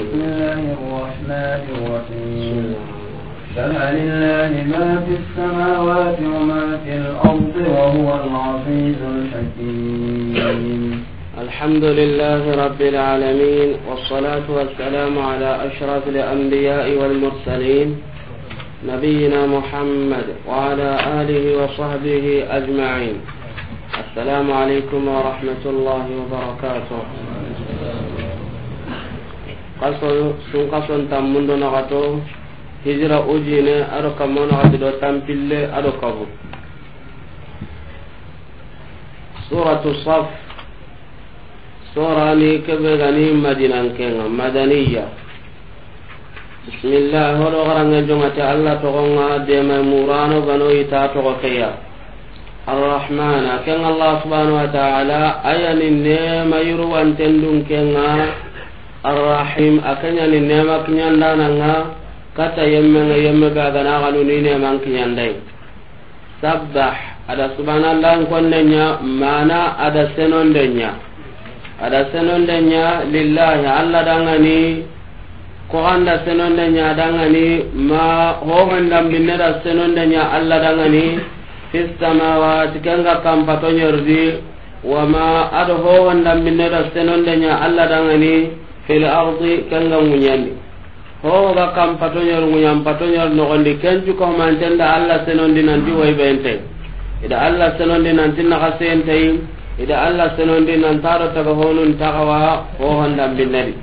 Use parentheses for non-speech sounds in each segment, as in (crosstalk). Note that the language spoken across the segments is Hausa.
بسم الله الرحمن الرحيم فلله ما في السماوات وما في الأرض وهو العزيز الحكيم الحمد لله رب العالمين والصلاة والسلام على أشرف الأنبياء والمرسلين نبينا محمد وعلى آله وصحبه أجمعين السلام عليكم ورحمة الله وبركاته kaso sun kason tammundo nagato hijira ujine ado kammo nagati do tampille ado kabu suratu saf sorani kebe gani madinankenga madaniya bismillah hoɗo garange jongate allah togonga dema murano gano ita togo keya arrahmana ken allah subhanau wa taala ayanin nema yurwantendun kenga arrahim akanyani nema kinyandananga kata yemmenga yemme gaganaganuni neman kinyandai sabbah ada subhanallah konnenya mana ada senondenya ada senondenya lillahi allah dangani koganda senondenya dangani ma hogondambinne da senondenya allah dangani fi samawati kenga kampatonyordi wama ado hogondambinne da senondenya allah dangani fil ardi kanga munyandi hoga kam patonyor munyam patonyor nogondi kenju ko mantenda alla senondi nanti way bente ida alla senondi nanti na kasente ida alla senondi nan taro taga honun tagawa ho honda binnadi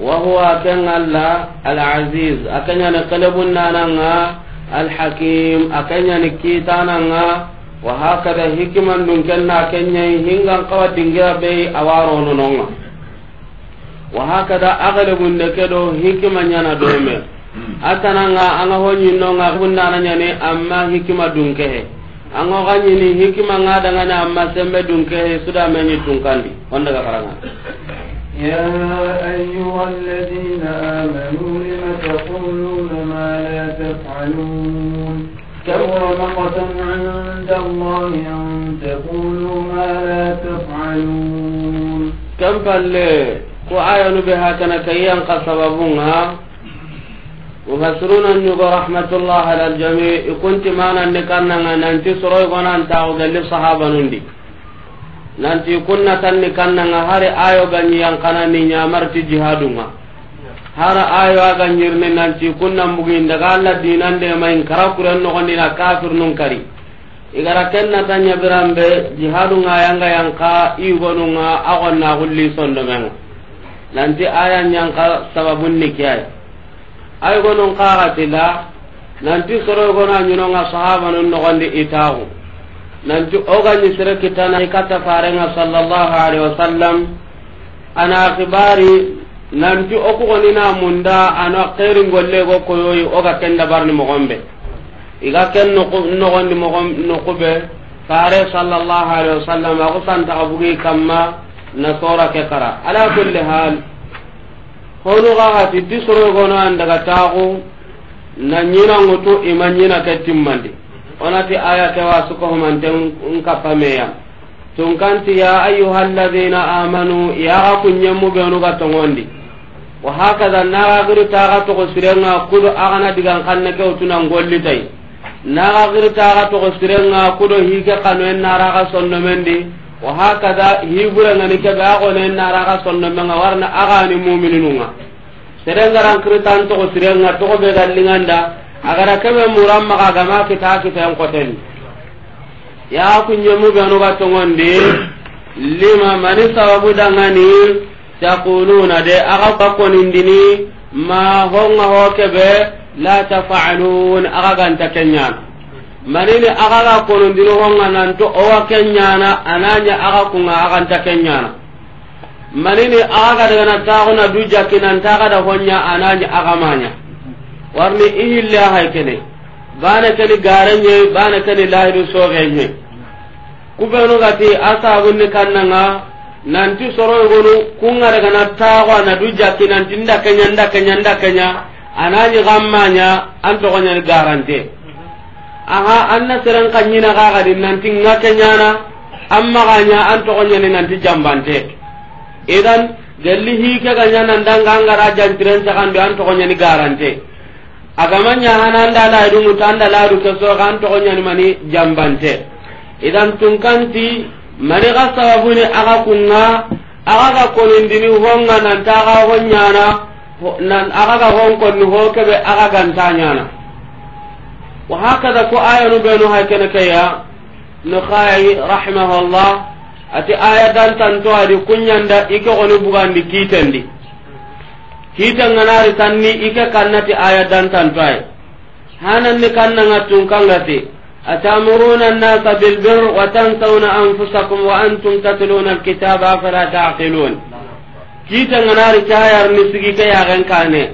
wa huwa kan alla al aziz akanya na qalbun nananga al hakim akanya ni kitananga wa hakada hikman dun kenna kenya hingan qawadinga be awaro nononga wa hakada agalagun da kedo hikima nyana dome atananga anga honyi no nga hundana nyane amma hikima dunkehe anga ganyini hikima nga daga na amma sembe dunkehe suda menyi tunkandi onda ga karanga يا أيها الذين آمنوا لم تقولون ما لا تفعلون كبر مقتا عند الله أن تقولوا ما لا تفعلون كم فلي ko ayanu be hakana kayyan ka sababunga mufassiruna ñugo rahmatullah ala aljami ikunti mananni kannanga nanti soroy gonantaxu gelli sahabanundi nanti kunna tanni kannanga hari ayo jihadunga hara ayo aga nanti kunna alla kafir nun kari igara kenna jihadunga yanga igonunga agonna gulli nanti aya ñanka sababun ni ke ay ay gonon kaxatila nanti soro gona ñinonga sahaba nun nogondi itaxu nanti ogañi sere kitana i katta farenga sallallahu alaihi wasallam ana kibari nanti okugonina munda ana keri golle go koyoyi oga ken dabarni mogonɓe iga ken nogondi nokuɓe fare sallallahu alaihi wasallam aku santa bugi kamma nasora ke kara ala kulli hal honu ga hati tisoro gono andaga tagu na nyina ngutu ima nyina ke timmandi onati aya ke wasu ko humante nkapameya tunkanti ya ayuha alladhina amanu ya yaga kunyemu benu ga tongondi wa hakaza naga giri taga togo sirenga kudo agana digan kanne ke utuna ngolli tay naga giri taga togo sirenga kudo hige kanoen naraga sonnomendi wa hakada hibura ngani ke ga ko nen na raga sonno menga warna aga ni mu'minununga serengaran kritan to ko serenga to ko be gallinganda agara kebe muramma ga gama kita kita en koten ya kunyemu be anu ga tongonde lima mani sababu dangani taquluna de aga ka konindini ma honga ho kebe la tafa'alun aga ganta kenyana manini aga ga konondino honga nanto owa kenyana ananya aga kunga aganta kenyana manini aga ga daga natagona duja kinanta aga da honya ananya aga manya warni ihille hay kene bana kani garenye bana kani lahiru sogenye kubenu gati asabunni kannanga nanti soro gonu kunga daga natagwa na duja kinanti nda kenya nda kenya nda kenya ananya gammanya antogonya garante aha anna seren kan nyina ga ga din nanti ngake nyana amma ga nya an to nya ni nanti jambante idan galli hi ke ga nya nan danga ngara jan tiren ta kan bi an to nya ni garante agama nya hanan da la du mutanda la du ke so kan to nya ni mani jambante idan tunkanti mani ga sababu ni aga kunna aga ga ndini honga nan ta ga honyana nan aga ga honkon ni ho ke be aga gantanya na wa hakada ko ayanu benu hakene kaya no khayi rahimahullah ati aya dan tanto adi kunyanda ike onu bugandi kitendi kiten ganari tanni ike kannati aya dan tanto ay hanan ni kannanga tunkangati أتأمرون الناس بالبر وتنسون أنفسكم وأنتم تتلون الكتاب أفلا تعقلون كيتا ناري تاير نسيكي يا غنكاني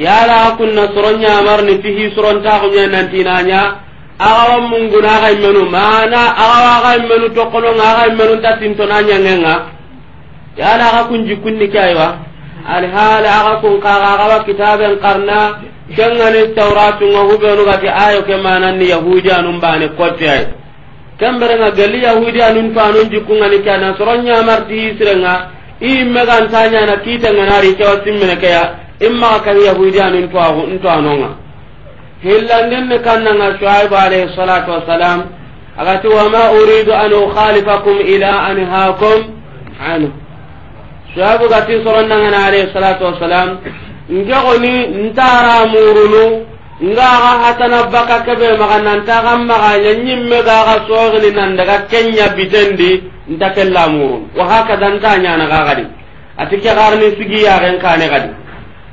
yala kunna soronya ni tihi soron ta kunya nanti nanya awa na kai menu mana awa kai menu to kono kai menu ta tinto nanya ngenga yala ka kunji kunni kaiwa al hala aka kun ka ga wa kitaben karna kengani tawratu nga hubenu gati ayo ke mananni yahudi anum bane kotte ay kembere nga gali yahudi anun fa anun fanun jikungani kana soronya marti sirenga i megan tanya na kita nganari kewa simmene kaya imma kan yahudi anin to ahu into anonga hillandin ne kannanga shuaib alayhi salatu wassalam agati wama uridu an ukhalifakum ila anhaakum anhu shuaib gati soronnangana alayhi salatu wassalam ngegoni ntara murunu ngaga hatana baka kebe magana ntaga maganya nyimme gaga sogini nan daga kenya bitendi ntakella murunu wa haka hakada ntanyana gagadi atike garni sigi yaren kane gadi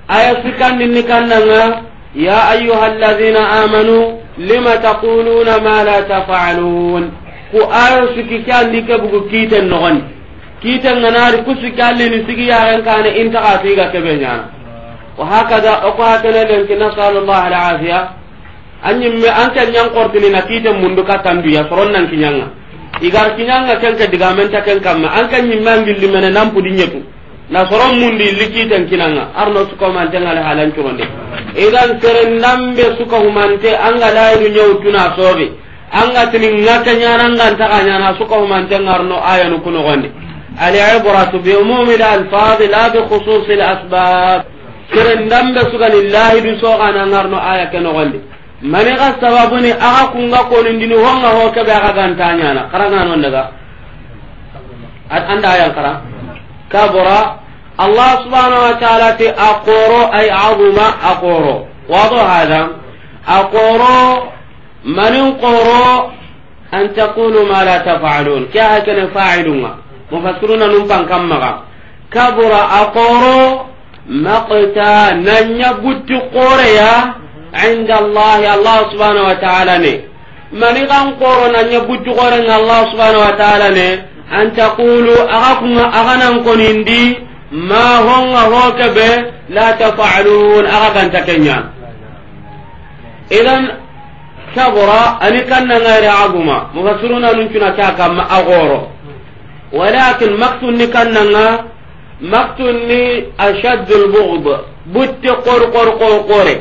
aya sikandinni kannanga ya ayuha alladina amanu lima taquluna ma la tafalun ku aya siki ke andi ke bugu kiten nogoni kiten ganari ku siki ni sigi yaren kane intaka siga kebe ñana wa hakada oko hakene lenki nasalu llah alafiya me anke nyang qortini na kiten mundu katandu biya soron nan kinyanga igar kinyanga kenke digamenta kan anke nyimme angillimene nampu di na soron mundi likiten kinanga arno suka humante ngala halan curonde idan seren dambe suka humante anga layinu nyew tuna sobe anga tini ngaka nyana anga ntaka nyana suka humante ngarno ayanu kuno gonde al'ibratu bi umumi al alfaz la bi khusus al asbab seren dambe suka ni lahidu so kana ngarno aya keno gonde mani ga sababu ni aga kunga kono ndini honga ho kebe aga gantanya na karanga non daga anda ayan karanga kabura allah subhanahu wa ta'ala ti aqoro ay azuma aqoro wado hada aqoro manin qoro an taqulu ma la taf'alun kya hakana fa'ilunga mufassiruna num pan kamma kabura aqoro maqta nanya gutti qoreya inda allah allah subhanahu wa ta'ala ne mani kan qoro nanya gutti allah ne an taqulu aga kunga aga nan konindi ma honga hokebe la tafalun aga ganta kenya idan kabura ani kanna ngare aguma mufassiruna nun cuna ta kama agoro walakin maktun ni kanna nga maktun ni ashaddul bughd butti qor qor qor qore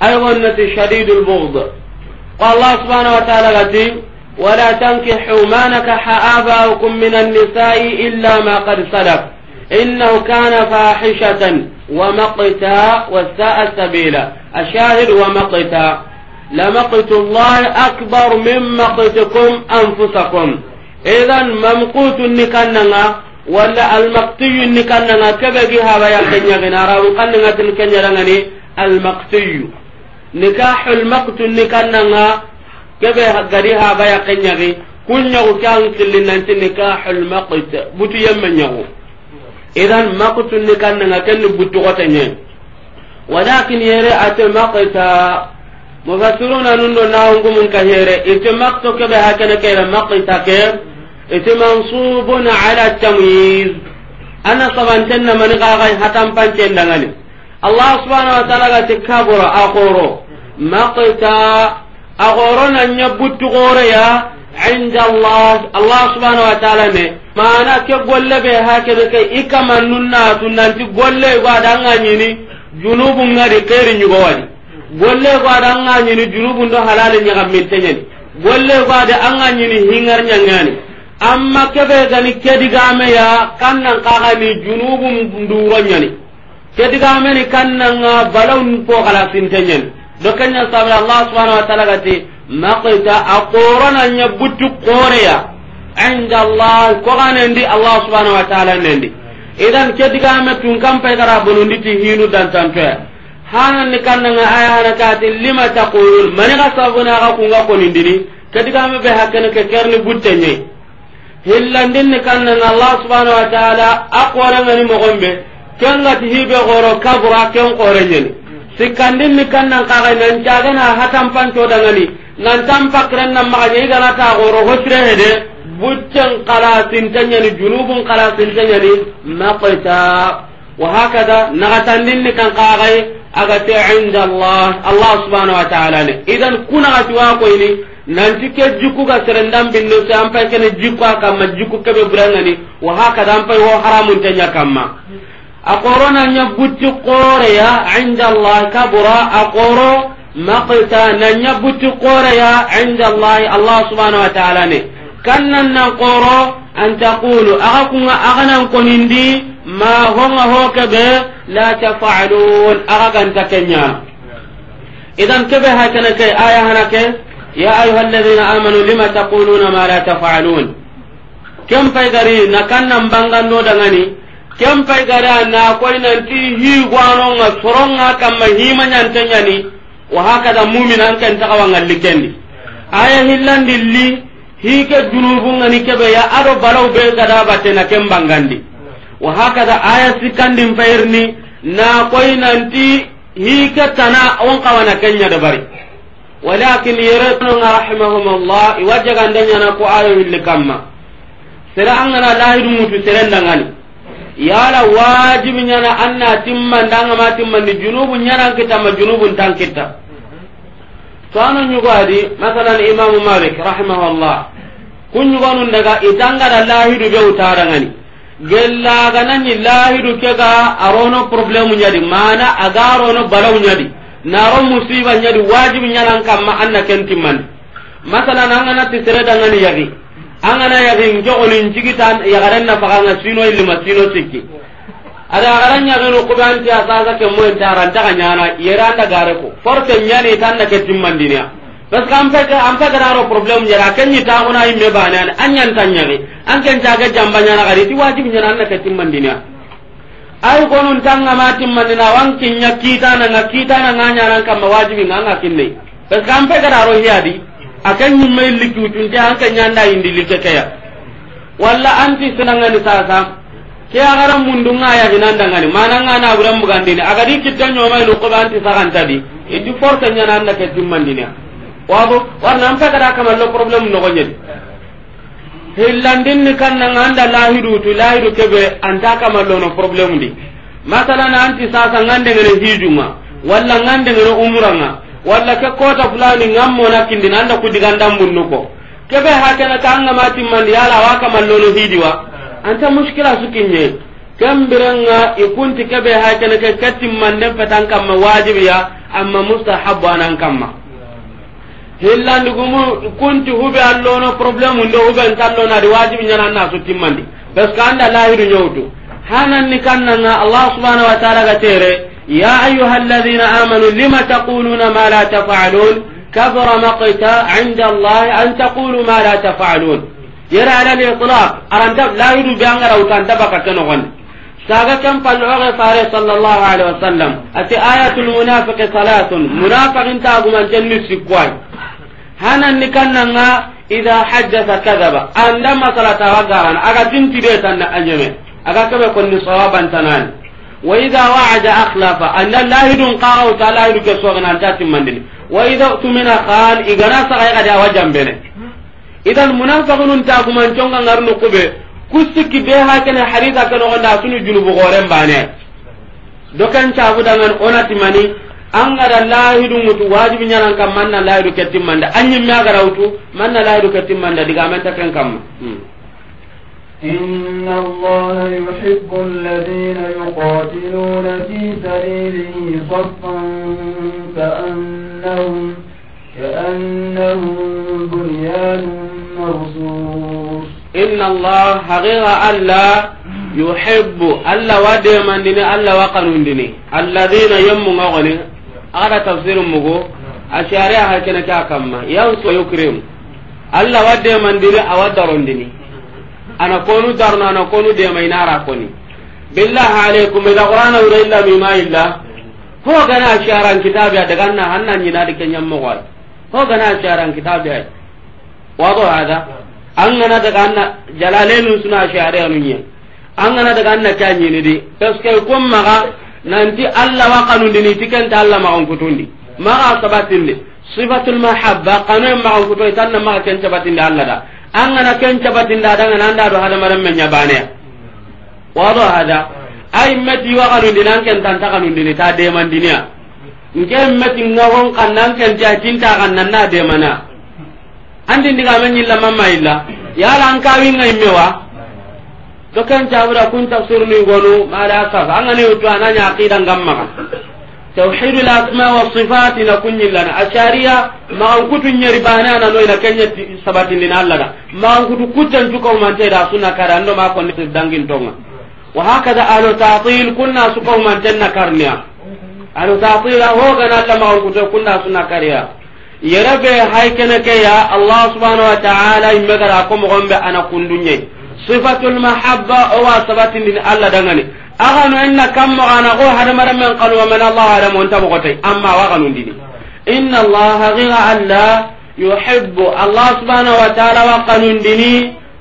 ay wonnati shadidul bughd qala subhanahu wa ta'ala gati ولا تنكحوا ما نكح آباؤكم من النساء إلا ما قد سلف إنه كان فاحشة ومقتا وساء سبيلا الشاهد ومقتا لمقت الله أكبر من مقتكم أنفسكم إذا ممقوت نكننا ولا المقتي نكننا كبقي هذا يحن يغنى وقال نغتن كن المقتي نكاح المقت نكننا kebe gari ha baya kenyagi kunyagu kan killin nanti nikahul maqt butu yemme nyagu idan maqtu ni kan nga ken butu ko tenye walakin yere ate maqta ah, mufassiruna nundo naungu mun ka yere ite maqto kebe ha ken kere maqta ke ite mansubun ala tamyiz ana sabantenna mani kaxay hatan pancendangani allah subhanau wa taala gati kabura a koro maqta ah, agorona nya buttu gore ya inda allah allah subhanahu wa ta'ala ne mana ke golle be ha ke be kai ikama nunna tunanti golle ba danga nyini junubu ngari keri nyugo wadi golle ba danga nyini junubu ndo halale nya gamin tenyen golle ba de anga nyini hingar nyangani amma ke kebe gani kedigame ya kannan ni junubu nduro nyani kedigame ni kannan balaw po kala sintenyen do kenya sabre allah subhanahu wa ta'ala gati maqita aqorana nya butu qoreya inda allah ko ganendi allah subhanahu wa ta'ala nendi idan ke diga me tun kam pe gara bonundi ti hinu dan tanto hana ni kanna nga aya hana kati lima taqulun mani ga sabuna ga kunga konindini ke diga me be hakkene ke kerni buttenye hillandin ni kannanga allah subhanahu wa ta'ala aqorana ni mogombe kenga ti hibe goro kabura ken qorenyeni sikkandin mi kan nan kaga nan jaga na hatan panto dangani nan tan pakren nan ma ga igana ta goro hosre hede buccen kala sintanya ni junubun kala sintanya ni maqta wa hakada nagatandin ni kan kaga aga te inda allah allah subhanahu wa ta'ala ne idan kuna ga tuwa ko ini nan tike jikku ga serendam binno sai an pa kene jikku akamma jikku kebe burangani wa hakada an pa ho haramun tanya kama. akorona nya buti kore ya inda Allah kabura akoro maqta na nya buti kore ya inda Allah Allah subhanahu wa ta'ala ne kanna na koro an taqulu akakunga akana konindi ma ho ke be la tafa'alun akakan takenya idan be hakana kai aya hanake ya ayuha alladhina amanu lima taquluna ma la tafa'alun kem paygari na kanna bangan no dangani kem pay gara na koy nanti hi gwano nga soronga ma nyan nyanta nyani wa haka da mu'min an kan takawa ngalli kendi aya hillandi li hike junubu ngani kebe ya ado balaw be gada na kem bangandi wa haka da aya sikandi mfairni na koy nanti ke tana on kawana kenya da bari walakin yaratun rahimahumullah iwajaga ndanya na ko ayo hillikamma kamma sira angana lahidu mutu serendangani yala wajibi nyana anna timman danga ma timman ni junubu nyana kita ma junubun tan kita to anu adi masalan imam malik rahimahullah kun daga itanga da lahidu be utarangani gella ganani lahidu kega arono problemu nyadi mana agarono balaw nyadi naro musiba nyadi wajibi nyana ma anna kentiman masalan angana tisere dangani yagi angana yagin jogonin jigitan yagaren na faganga sino illima sino sikki ada yagaren yaginu ban anti asasa ke mo ta ganya na yera anda gare ko forte nyani na ke timmandiniya parce que an garo an pegararo probléme ni ta ñitaguna yimme bana an ñanta ñani an ken ga jamba ñana gari ti wajib ñana na ke timmandiniya ay gonun tangama timmandina wan kinña kitananga kitananga ñanan kamma wajibi nga anga kinnei parce que an garo hiadi akan mai liki utun ta hanka nyanda indi like kaya walla anti senangani sasa ke agara aya ya da ngani mana ngana buram bugandini agadi kitta nyoma ilu ko anti sagan tadi idu forta nyana anda ke timmandini wabo warna am kada kamal lo problem no gonyedi hillandin ni nan anda lahiru tu lahiru kebe anta kamal lo no problem di masalan anti sasa ngande ngene hijuma walla ngande ngene umuranga walla ke kota fulani ngam mona kindi nanda ku digandam bunnu ko kebe hakana ta anga mati mandi yala wa kamallono hidiwa anta mushkila sukinye kambiranga ikunti kebe hakana ke katim mande patan kamma ya amma mustahabu anan kamma hillandi gumu kunti hube allono problème ndo hube ntallono adi wajibi nyana na su timmandi parce que anda lahiru nyawtu hanan ni kannanga allah subhanahu wa ta'ala ga tere يا أيها الذين آمنوا لم تقولون ما لا تفعلون كبر مقتا عند الله أن تقولوا ما لا تفعلون يرى على الإطلاق أرانت لا يدو بأنغر أو تنتبك كنغن ساقا كم فالعغة فاري صلى الله عليه وسلم أتي آية المنافق صلاة منافق انت من جنة سكوان هنا نكنا إذا حدث كذب أن لما صلاة وقارن أغا تنتبه تنأجمه أغا كبه كن صوابا تناني wa idha wa'ada akhlafa anna lahidun qaraw ta lahidu ke so wa idha tumina qal bene idan munafiqun ta guman tonga kusiki be ha kana harida kana onda sunu junubu goren bane dokan an gara lahidu mutu wajibi nyanan kam manna lahidu ketim manda anyi mi agara utu manna lahidu ketim manda diga kam hmm. إن الله يحب الذين يقاتلون في سبيله صفا كأنهم كأنهم بنيان مرصوص إن الله حقيقة الله يحب الله ودي من دني الله وقنون دني الذين يمون أغني هذا تفسير مغو أشاريها كنا كاكما ينسو يكرم الله ودي من دني أودرون دني ana konu darno ana konu dema inara koni billah alaikum ila qur'ana wura illa mima illa ho gana sharan kitabe daga na hannan da ke kenyam mo wal ho gana sharan kitabe wado hada an gana daga na jalalenu suna share anu nya an gana daga na kanyi ne de paske kun maga nanti allah wa kanu dini tikanta allah ma on kutundi maga sabatin de sifatul mahabba kanu ma on kutoy tan ma kan sabatin de allah da an gana ken cabatinda adangana anda do maran men wa do hada ay meti waxanundini an ken tantaxanundini ta dinia nke meti ngawon kan an ken kan nan na demana andi ndigame ñillamamma illa yala an ngai mewa to ken cabuda kun ma mala kafa an gani wutu ananya aqidan gamma توحيد الاسماء والصفات كن لنا اشاريا ما أنكت انا أنا نوينا كنية سبات لنا الله ما أنكت كتن تكو من تيدا كار اندو ما كون دانغين تونغ وهكذا اهل تعطيل كنا سكو من تنا كرنيا أهل تعطيل هو كنا لما أنكت كنا سنة كريا يربي هاي كنكيا الله سبحانه وتعالى يمغر أكم غنب انا أنا دنيا صفة المحبه او سبات لنا الله دانغني أغنو إن كم أنا غو هرم من قال ومن الله هرم أنت بغتي أما وغنو ديني إن الله غير ألا يحب الله سبحانه وتعالى وقنو ديني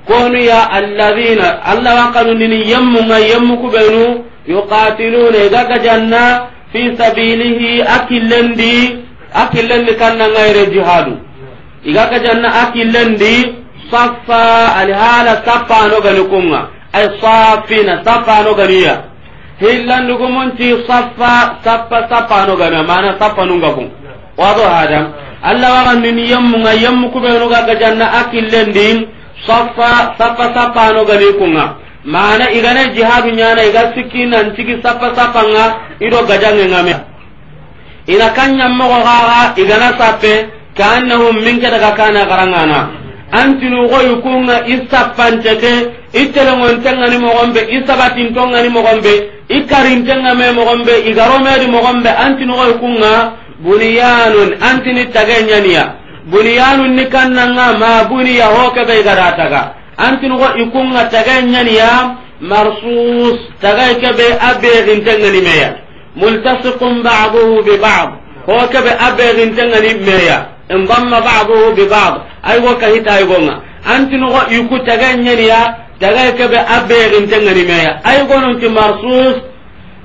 كون يا الذين الله وقنو ديني يم ما يم كبنو يقاتلون إذا كجنة في سبيله أكل لندي أكل لندي غير جهاد إذا كجنة أكل لندي صفا الهالة صفا نغنكم أي صفا نغنيا mun safa hillandugumunti sappa sappa sappanogana mana sappanungaku wado hada allah wa waganini yemmunga yemmu kuɓenuga gajanna a killendi sappa sappa sappanogani kunga mana igana jihadu ñana iga sikki nancigi sappa sappanga ido gajangengame ina kanya kan ñammogo xaxa igana sappe kaannahum min ka daga kana garangana antinu goyu kunga i sappanteke i telegontengani mogonɓe i sabatintongani mogonɓe i ikarintenga me i mogonɓe igaromedi mogonɓe antinogoy kunga buniyanun antini tagenyaniya buniyanun ni kannanga ma buniya hokeɓe igada taga antinogo ikunga tagenyaniya marsus tagay keɓe a ɓeexintengani meya multasiqum baduhu bibad hokeɓe a ɓeexintengani meya indamma baduhu bibad aygo kahitaygonga antinogo iku tagenyaniya daga kebe abeerin tengani meya ay gonon ti marsus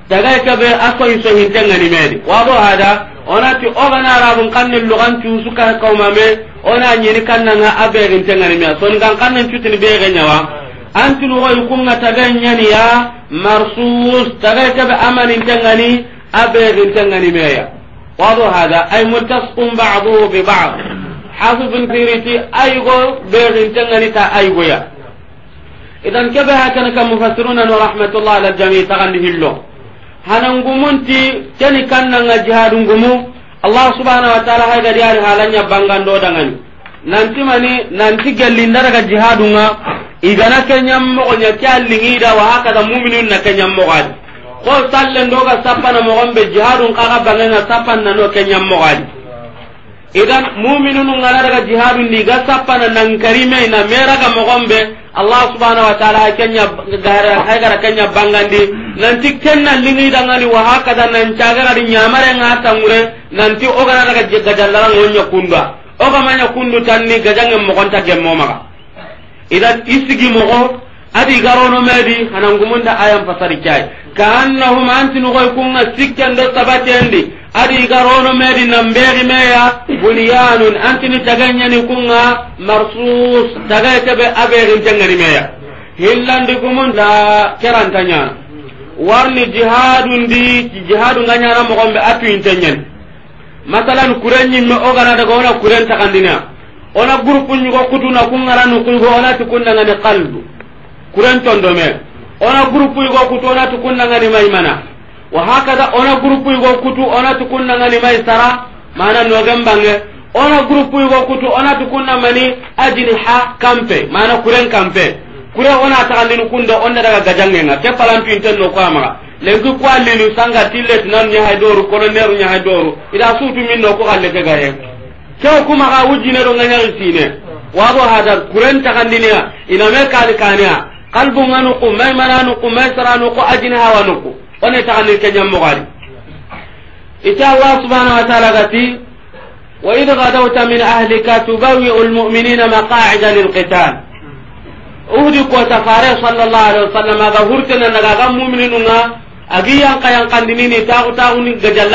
daga kebe aso iso hin tengani meedi wado hada onati ogana arabun kanni lugan cuusu ka kawmame ona ñini kannanga abeerin tengani meya soni kan kannan cutini beege ñawa antilugoy kunga taga ñaniya marsus daga kebe amanin tengani abeerin tengani meya wado hada ay mutasqun baduhu bi bad hafu bin tiriti aygo beerin tengani ta ya. idan kebe hakana ka mufassiruna no rahmatullah ala jami tagandi hillo hanangumunti keni kannanga jihadungumu allah subhanahu wa taala haygadi ari halanya bangando dangani nanti mani nanti gellindaraga jihadunga igana kenyammogonya ke da wa haka da muminun na kenyammogadi ko sallendoga sappana mogonɓe jihadun kaga bangenga sappannano kenyammogadi idan muminunu ngana daga jihadun ndi ga nan karime na meraga mogonɓe allah subhanahu wa ta'ala kenya gara hay gara kenya bangandi nanti kenna lingi dangani wa hakada nan cagara di nyamare ngata ngure nanti ogana daga gajalla ngonya kunda oga manya kundu tanni gajange mo konta gemmo maga idan isigi mo adi garono medi hanangumunda ayam pasari kai kaannahum antinogoy kunga sikkendo sabatendi adi igarono medi namberi meya bunyanun antini taganyani kunga marsus tagay kebe aberintengeri meya hillandi keranta kerantanyana warni jihadundi jihadu nga ñana mogonɓe atuyintenyani masalan kurenñimme ogana daga wona kuren takandina ona groupe ñugo kutuna kungaranu kuygo onati kundangani kaldu kuren condomee ona groupe igo kutu ona tukunnangani mai mana wa hakada ona groupe igo kutu ona tukunnangani mai sara mana nogembange ona groupe igo kutu ona tukunna mani ha kampe mana kuren kampe kure ona tagandini kunda onna daga gajangenga ke palantuinten no koamaga lengi kwa allini sanga tillet nan nyahay doru kono neru nyahay doru ida sutu min no ko galle ke gaye kew kuma ga wujine do nganya sine wabo hadar kuren tagandini ina me kali kania قلب ما نقو ما يمنا نقو ما يسرى نقو أجنها ونقو ونتعني الكجم مغالي إتا الله سبحانه وتعالى قتي وإذا غدوت من أهلك تبوئ المؤمنين مقاعد للقتال أهدي قوة صلى الله عليه وسلم ظهرتنا نقاق مؤمنين أجي ينقى ينقى نميني تاغ تاغ نقجل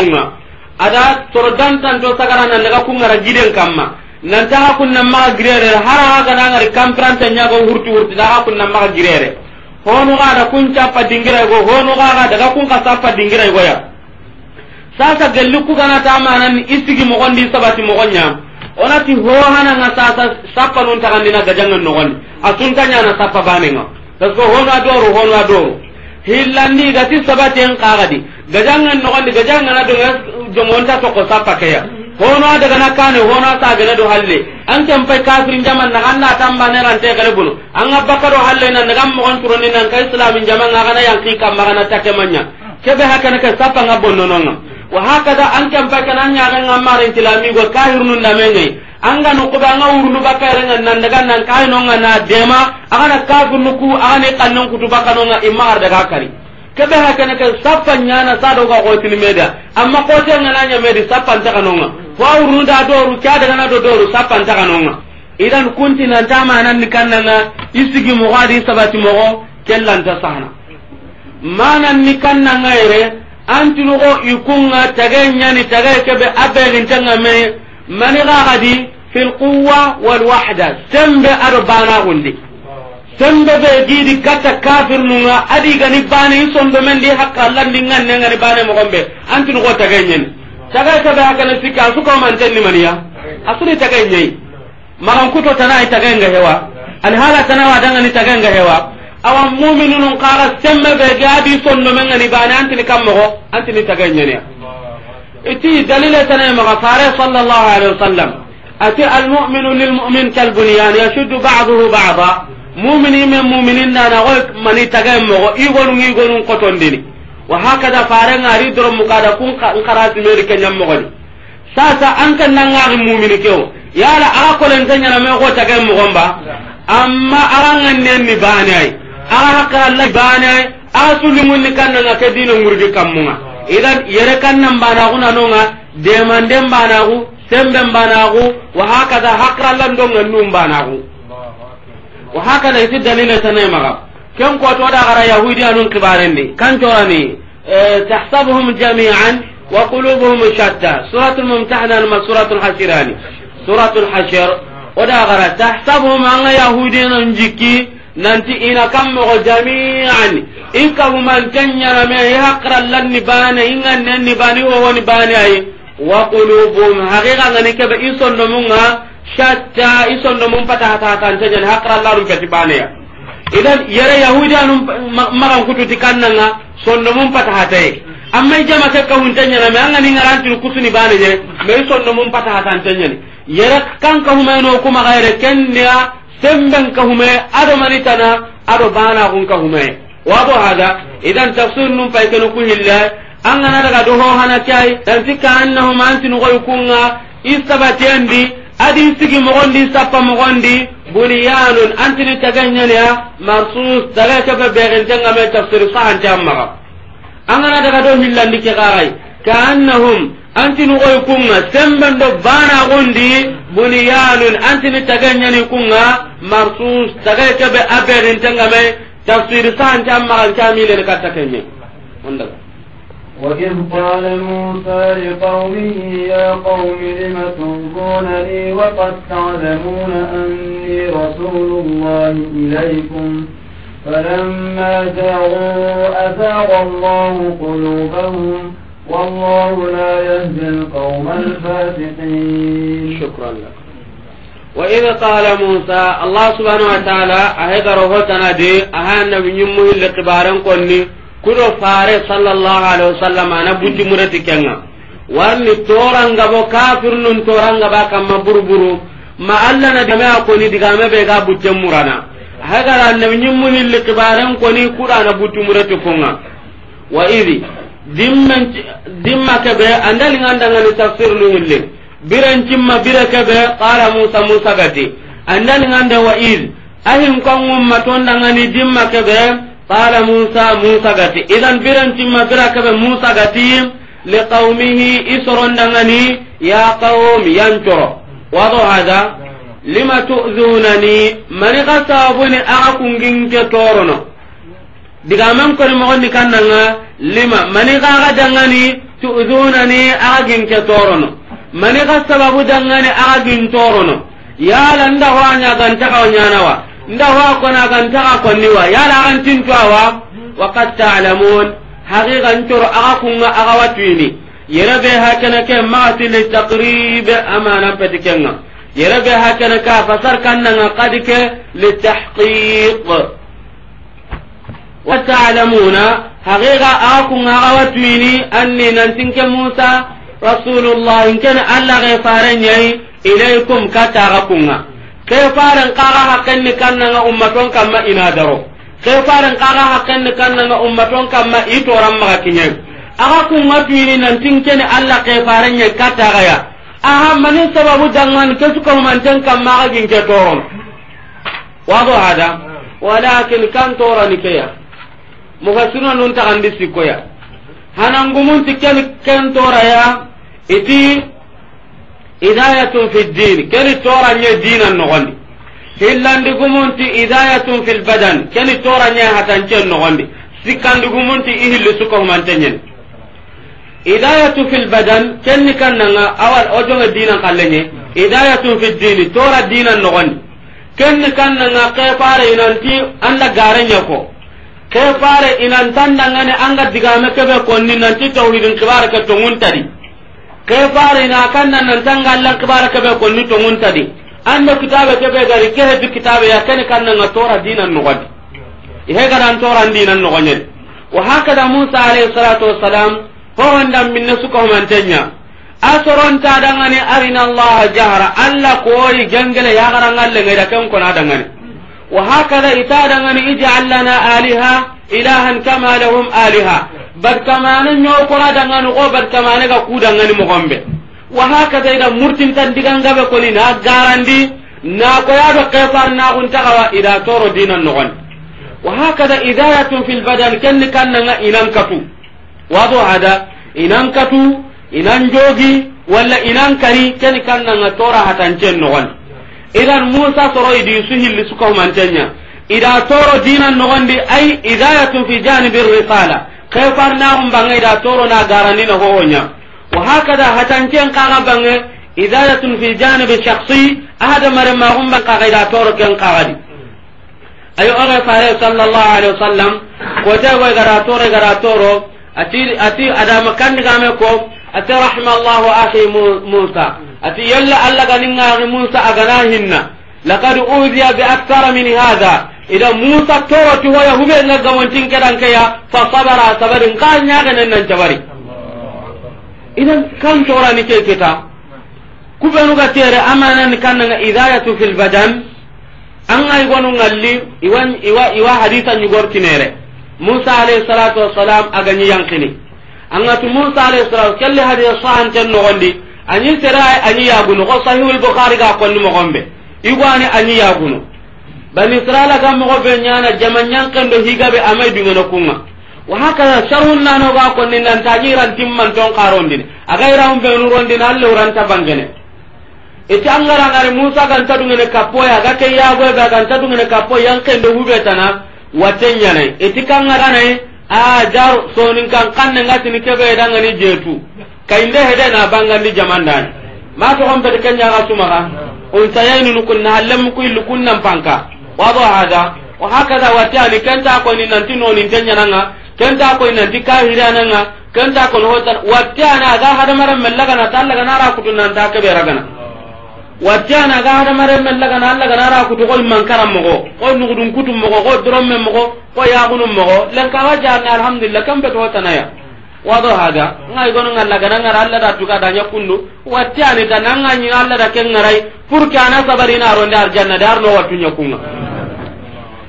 أدا تردان تنجو سكرانا نقاق مرجدين كما nan ta hakun nan ma girere har aga nan ari kampranta nya go hurtu hurtu da hakun nan ma girere honu ga da kun chapa dingira go honu ga ga daga kun ka sapa dingira go ya sasa gellu ku kana ta manan istigi mo gondi sabati mo gonya onati ho hana nga sasa sapa nun ta kandina gajangan no gondi asun ta nya na sapa bane nga tasko honu adoru honu adoru hillandi gati sabati en kagadi gajangan no gondi gajangan adon jomon ta to ko sapa kaya hono daga na kane hono ta gele do halle an kan fa kafirin jaman na hanna tamba ne ran te gele bulu an abba ka do halle nan daga mo gon turoni nan kai islamin jaman na kana yang kika magana take manya be haka ka sapa ngabon non wa haka da an kan fa kana nya ga ngamare tilami go kafirun nan an ga no ko banga urnu bakare ngan nan daga nan kai no ngana dema agana ku ane agane kannon kutu bakano nga imar daga kari kebe hakene ke sappa na sado ga ko tin amma ko te ngana nya di sappa ta kanonga wawurnu da doru kada gana do doru sappan ta kanonga idan kunti nan ta manan ni kannanga isigi mo gadi sabati mo kellan ta sana manan ni kannanga ire antinu go ikunga tagay nyani tagay kebe ni tanga me mani gadi fil quwwa wal wahda sembe arbana gundi sembe be gidi kata kafir nunga adi gani bani sondo men di hakka Allah ngane ngani bani mo gombe antinu go tagay nyani ta taga hakana sikka asu ko man tan nimaniya asu ni taga nyai magan kuto tana ai taga nga hewa al hala tana wa danga ni taga nga hewa awa mu'minun qara samma be gadi sonno men ngani bana antini kammo antini taga nyani iti dalila tana e maga fare sallallahu alaihi wasallam ati al mu'minu lil mu'min kal bunyan yashuddu ba'dahu ba'dha mu'mini mu'minin na na mani taga mo igonu igonu kotondini wa hakada farenga ari mu kada kun ka karati meri kenyam mogoni sasa an kan nan mu mu'mini keo yala aka kolen tanya na me ko tagay mu gomba amma nan nen ni bani ay aka hakka bane bani ay asuli mun ni kan na ke dino ngurgi kamunga idan yere kan nan bana de man demandem bana ku sembem bana ku wa hakada hakra lan donga num bana ku wa hakada isi dalila tanay magab ken kotoɗa gara yahudi anun kibarendi kancorani tahsabuhum jamian wa qulubuhum shatta suratul mumtahana alma suratul hasirani suratul hasir gara tahsabuhum nanti ina kam jamian in wa qulubuhum haqiqa ngani shatta idan yare yahudiyanum magan kututi kannanga sondomum pata hataye amma jama ke kahuntenyana me angani ngarantini kusuni bane je me sondomum pata hatantenyani yare kan n'o kahumeno kumagayere kenniya semben kahume ado manitana ado bana banakun kahume wabo hada idan tafsir num paykenu ku hilla angana daga doho hana kay tan sikka annahum antinu koy kunga istabatiyendi adin sigi mogondi sappa mogondi bunyanun antini taganyaniya marsus daga kebe begentanga me tafsir sahanti ammaga angana daga do hillandi ke garay kaannahum antini koy kunga semben do bana gondi bunyanun antini taganyani kunga marsus daga kebe abegentanga me tafsir sahanti ammaga kamile ne katta kenye ondaga وإذ قال موسى لقومه يا قوم لم تنظرونني وقد تعلمون أني رسول الله إليكم فلما زاغوا أزاغ الله قلوبهم والله لا يهدي القوم الفاسقين شكرا لك وإذ قال موسى الله سبحانه وتعالى أهدره تنادي أهان نبي يمه اللي قبارا قلني kudo fare sallallahu alaihi wasallam ana buti murati kenga warni toranga bo kafir nun toranga ba kam maburburu ma alla na dama ko ni diga me be ga buti murana haga ran ne annabi nyimmun li kibaran ko ni qur'ana buti murati konga wa idi dimman dimma ke be andal nganda ni tafsir lu hille biran cimma bira ke be qala musa musa gati andal nganda wa id ahim kongum ngumma tondanga dimma ke be qala muusa musa gati idan birantimma bira kebe muusa gati liqaumihi isorondangani ya qaum yancoro wado hada lima tu'u tuzunani mani ka sababuni aga kunginke torono digamen koni mogonni kannanga lima mani ka aga dangani tuzunani aga ginke torono mani ka sababu dangani aga gin torono yala ndaho anyagantakawa wa. nda wa kona gan ta ka konni wa yala gan tin to wa wa qad ta'lamun haqiqan tur aga kunga aga watini yere be ha hakana ke maati li taqrib amana petikenga yere be ha hakana ka fasar kannanga qad ke li tahqiq wa ta'lamuna haqiqa aga kunga aga watini anni nantinke musa rasulullah in kana alla ghafaranyai ilaykum katagakunga kai faran kaga hakkan ni kannanga ummaton kamma ina daro kai faran kaga hakkan ni kannanga ummaton kamma i itoran maga kinye aga kun matuini nan tinkene alla kai faran nya kata gaya aha manin sababu dangan kesu ko mantan kamma ga ginke toron wado hada walakin kan torani kaya mufassiruna nun ta andi sikoya hanan gumun tikkani ken toraya iti hidayatun fi ddin keni toranye dinan nogondi hillandigumunti hidayatun fi lbadan keni toranye hatancen nogondi sikkandigumunti i hilli sukohumantenyen hidayatu fi lbadan kenni nga awa o jonge dinan kallenye hidayatun fi ddini tora dinan nogondi kenni kannanga kefare inanti anda garenya ko kefare inantandangani anga digame kebe konni nanti tawhidin kibare ke tonguntadi ke fara na kan nan nan tanga Allah kibara ke be ko ni to tadi an anda kitabe ke be gari ke hedu kitabe ya kan kan nan tora dinan no gadi ihe garan tora dinan no ganyel wa haka da Musa alayhi salatu wassalam ho wanda ko man tanya asoron ta dangane arina Allah jahara Allah yi gangale ya garan Allah ngai da kan ko na dangane wa haka da ita dangane Allah na aliha ilahan kama aliha bad kamana nyo kora danga no bad kamana ga ku mogombe wa hakaza ida murtin tan diganga be koni na garandi naa ko ya do qefar na kun tagawa ida toro dinan no gon wa hakaza idayatun fil badal kan kan inan katu wado hada inan katu inan jogi walla inan kari kan kan na tora hatancen no gon idan musa soro idi su hilli su ko إذا تورو دينا نغندي أي إذاية في جانب الرسالة كيف أنهم بغي إذا تورو ناقاراني نغونيا وهكذا هتنكين قاغا بغي إذاية في جانب الشخصي هذا مرمى هم بغي إذا تورو كين قاغدي أي أغيب عليه صلى الله عليه وسلم وجاوة إذا تورو إذا تورو أتي أتي أدا مكان نغاميكم أتي رحم الله أخي موسى أتي يلا ألا غنينا موسى أغناهن لقد أوذي بأكثر من هذا ida musa toroti hoya huɓenga kedan kaya fa sabara sabarin ka ñaganen nan jabari idan kan torani ke kita kuɓenuga tere amanani kannanga idayatu fi lbadan anga igonu ngalli iwa iwa ni hadisa ñugortinere musa alayhi salatu wassalam agañi yankini angati musa alayhi salatu kelle hadisa sahanten nogondi añi sere añi yagunu ko sahihul bukhari ga konni mogonɓe igwani añi yagunu bani israila ga mogo be nyana jamanyan kendo higa be amai dungena kunga wa hakaza sharhun nano ga ko nin nan tajiran timman ton qarondini aga iram be nurondini alle uranta bangene iti angara ngari musa kan tadungene kapoya ga ke yago ga kan yan kapoya do kendo tana watenya nai iti kangara nai a jar sonin kan kanne ngati ni kebe dangani jetu kainde hede na bangandi jamandani ma to on be kenya ga sumaga on tayainu kunna hallam kuilu kunnan panka wado hada wa hakada watani kenta ko ni nanti no ni tenya nanga kenta ko ni nanti kahira nanga kenta ko no tan watana ga hada maram mellaga na tallaga na ra kutu nan ta ke beraga na watana ga hada maram mellaga na allaga na ra kutu ko man karam mo ko nu gudun kutu mo ko ko drom me mo ko ya gunu mo ko lan ka waja na alhamdulillah kam be to tanaya wado hada ngai gono ngalla gana ngara alla da tuka danya kundu watani nan nyi alla da ken ngarai purka na sabarina ronda arjanna dar no watunya kunga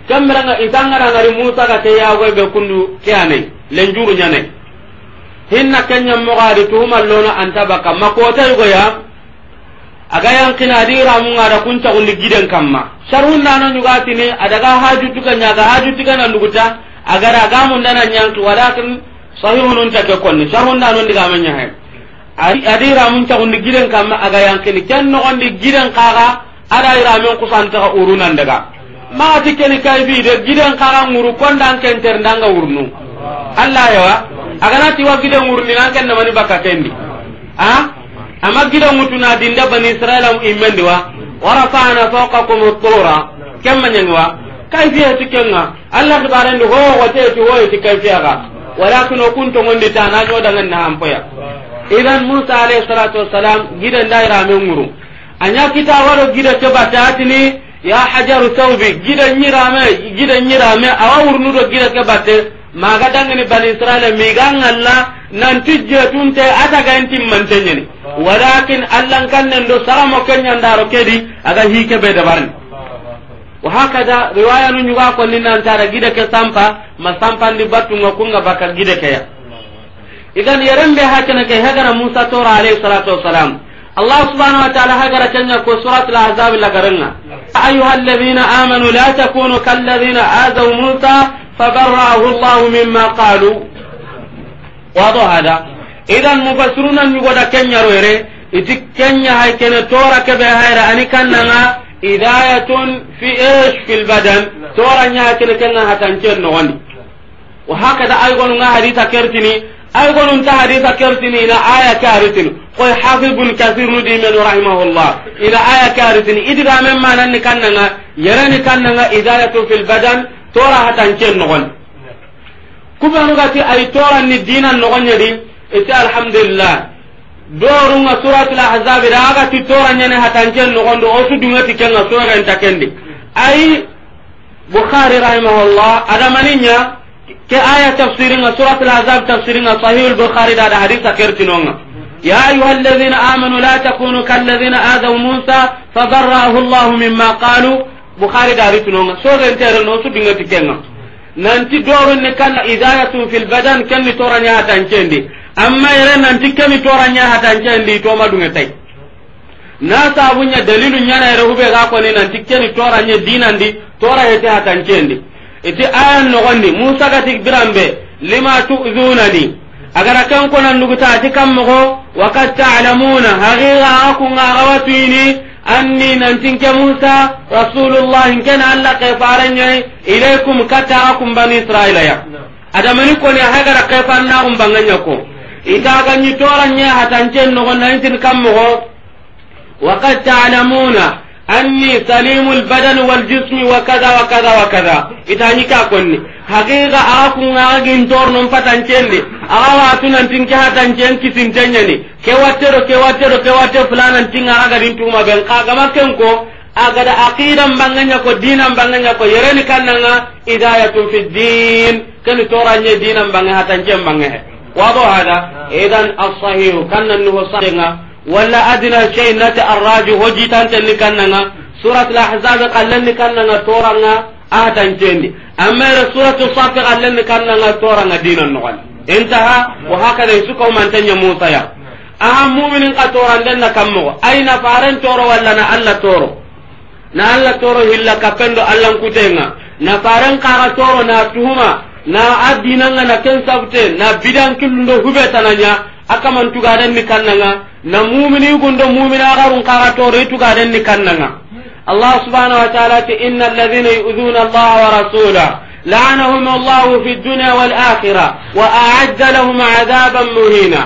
kemmeranga itangara ngari musa ga te yago be kundu ke anai lenjuru nyane hinna kenya mogari tuhuma lona anta baka makota yugo ya aga yang kina dira mun ada kunta undi giden kamma sharun nana nyuga tini adaga haju tuka nyaga haju tika nan duguta agara aga mun dana nyantu walakin sahihun unta ke konni sharun nano ndiga manya he adira mun ta undi giden kamma aga yang kini ken no undi gidan kaga ada ira mun kusanta urunan daga maati keni kaybide giden kaga nguru kondan kenter ndanga wurnu allah yawa ah? aganati wa giden wurni nan ken mani baka kendi a ah? amma giden mutuna dinda bani israila immendi wa warafa'na fawqakum at-tura kemma nyangwa kayfiya tikenga allah tibarende ho wote ti ho ti kayfiya ga walakin kuntum ngondi tana nyoda dangan na ampoya idan musa alayhi salatu wassalam gidan daira men nguru anya kita waro gida ke ni. ya hajaru tawbi gida nyirame gida nyirame awa wurnu do gida ke batte maga dangani bani israila mi ganganna nan tijje tunte ataga intim ni walakin allan kannen do saramo kenya ndaro kedi aga hike be dabarni wa hakada riwaya nu nyuga ko ninna antara gida ke sampa ma sampa ndi battu ngokunga baka gida ke ya idan yarambe hakana ke hagara musa tora alayhi salatu wassalam الله سبحانه وتعالى هجر كنك سورة الأحزاب اللي قرنا أيها الذين آمنوا لا تكونوا كالذين آذوا موسى فبرأه الله مما قالوا واضح هذا إذا مفسرون أن يقول كنيا رويري إذا كنيا هاي كنا تورا كبه هاي أني كنا إداية في إيش في البدن تورا نيا كنا كنا هتنكر نغني وهكذا أيضا نغا حديثة كرتني ay gonun ta hadisa kertini ina aya karitin koy hafibun kasir nu dimen rahimahullah ina aya karitin idiga men manan ni kannanga yarani kannanga idalatu fil badan tora hatan ken nogon kubanu gati ay tora ni dinan nogon yedi ita alhamdulillah dorunga suratul ahzab da aga ti tora nyane hatan ken nogon do osu dunga ti kenga sura enta kendi ay bukhari rahimahullah adamaninya ke aya tafsiringa surat al-azab tafsiringa sahih al-bukhari da hadis akertinonga ya ayuha alladhina amanu la takunu kal ladhina adaw musa fa darrahu allah mimma qalu bukhari da ritinonga so den tere no su dinga tikenga nanti doro ne kan idayatu fil badan kan ni toranya hatan cendi amma yere nanti kan ni toranya hatan cendi to ma madunga tai na sabunya dalilun yana rehube ga ko ne nanti kan ni toranya dinandi toraye ta hatan cendi iti ayan nogondi musa gati biranbe lima tuzunani agara ken konan nuguta ati kammogo wakad talamuna haqiqa aga kunga agawatuini anni nantinke musa rasulullah nkene allah kefarenyoy ilaykum katta aga kumbani israila ya adamani koni ahagara kefannagun banganyako itaganyi toranye hatancen nogon nanintin kammogo wakad talamuna anni salimul badan wal jismi wa kaza wa kaza wa kaza itani ka konni haqiqa aga kunga gin tornon patan cende aga watu nan tinke hatan cen kisin tanyani ke watero ke watero ke watero fulanan tinga aga din tuma ben kaga maken ko aga da aqidan banganya ko dinan banganya ko yereni kannanga idayatun fi din kan toranye dinan banganya hatan cen banganya wado hada idan as-sahih kannan nuhu sahinga walla adna shay nati arraji hoji tante ni kannanga surat al-ahzab qallan ni kannanga toranga ya aha mu'minin ka toran den na kammo aina faran toro walla na alla toro hilla kapendo allan kutenga na faran kara toro na tuhuma na adinanga na na bidan killundo hubeta nanya akaman tugaden mi kannanga na mumini gundo mumina garun kaga toro itu gaden ni kannanga allah subhanahu wa ta'ala ta inna alladhina yu'dhuna allah wa rasula la'anahum allah fi dunya wal akhirah wa a'adda lahum 'adaban muhina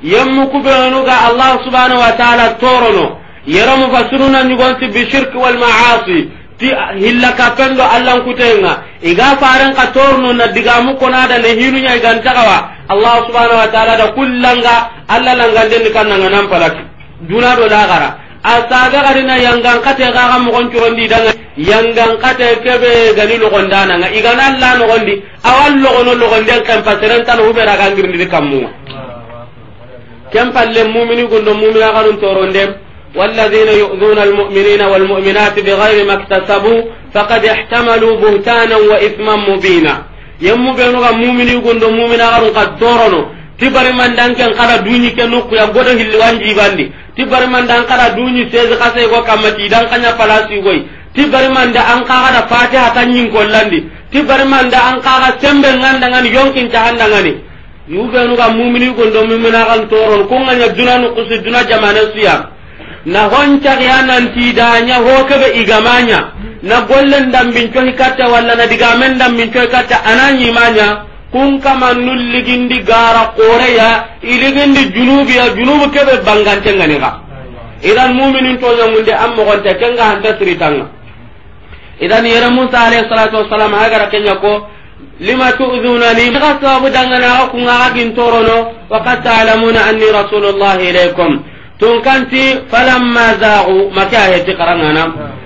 yammu kubenu ga allah subhanahu wa ta'ala torono yaramu fasiruna nyugonti bi shirk wal ma'asi ti hilla ka pendo allan kutenga iga faran ka torno na digamu kona da ne hinu nya igan tagawa allah subhanahu wa taala da kullanga allah langa den kan nan nan palaki duna do da gara asaga garina yangan kate ga ga mo goncho ndi danga yangan kate kebe gani lo gondana nga igan allah no gondi awal lo gono lo gonden kan pasaran tan ubera kan girni kammu kem palle mu'mini gondo mu'mina kanun toronde والذين يؤذون المؤمنين والمؤمنات بغير ما اكتسبوا فقد احتملوا بهتانا وإثما مبينا yemmu benuga mumini gondo mumina garu ka dorono ti bari man dan kan kada dunyi ke nokku ya ti bari man dan kada dunyi sezi kase go kamati dan kanya palasi goy ti bari man da an kaga da fatiha tan yin kollandi ti bari man da an kaga sembe nganda ngani yonkin ta handa ngani yu benuga mumini gondo mumina garu toron ko nganya dunanu duna na honcaxeya nanti daña hokebe igamaña na gollen dambincohi katta walla na digamen dambincohi katta ana ñimaña kun kama nulligindi gara koreya iligindi junubiya junubu kebe bangantenganiga idan muminin toñangunde an mogonte kenga hanta siritanga idan yere musa alayhi salatu wassalam hagara kenya ko lima tu'dhunani ga sababu dangana kunga agin torono wa qad ta'lamuna anni rasulullahi ilaykum tun kanti ma zagu maka ayati qarangana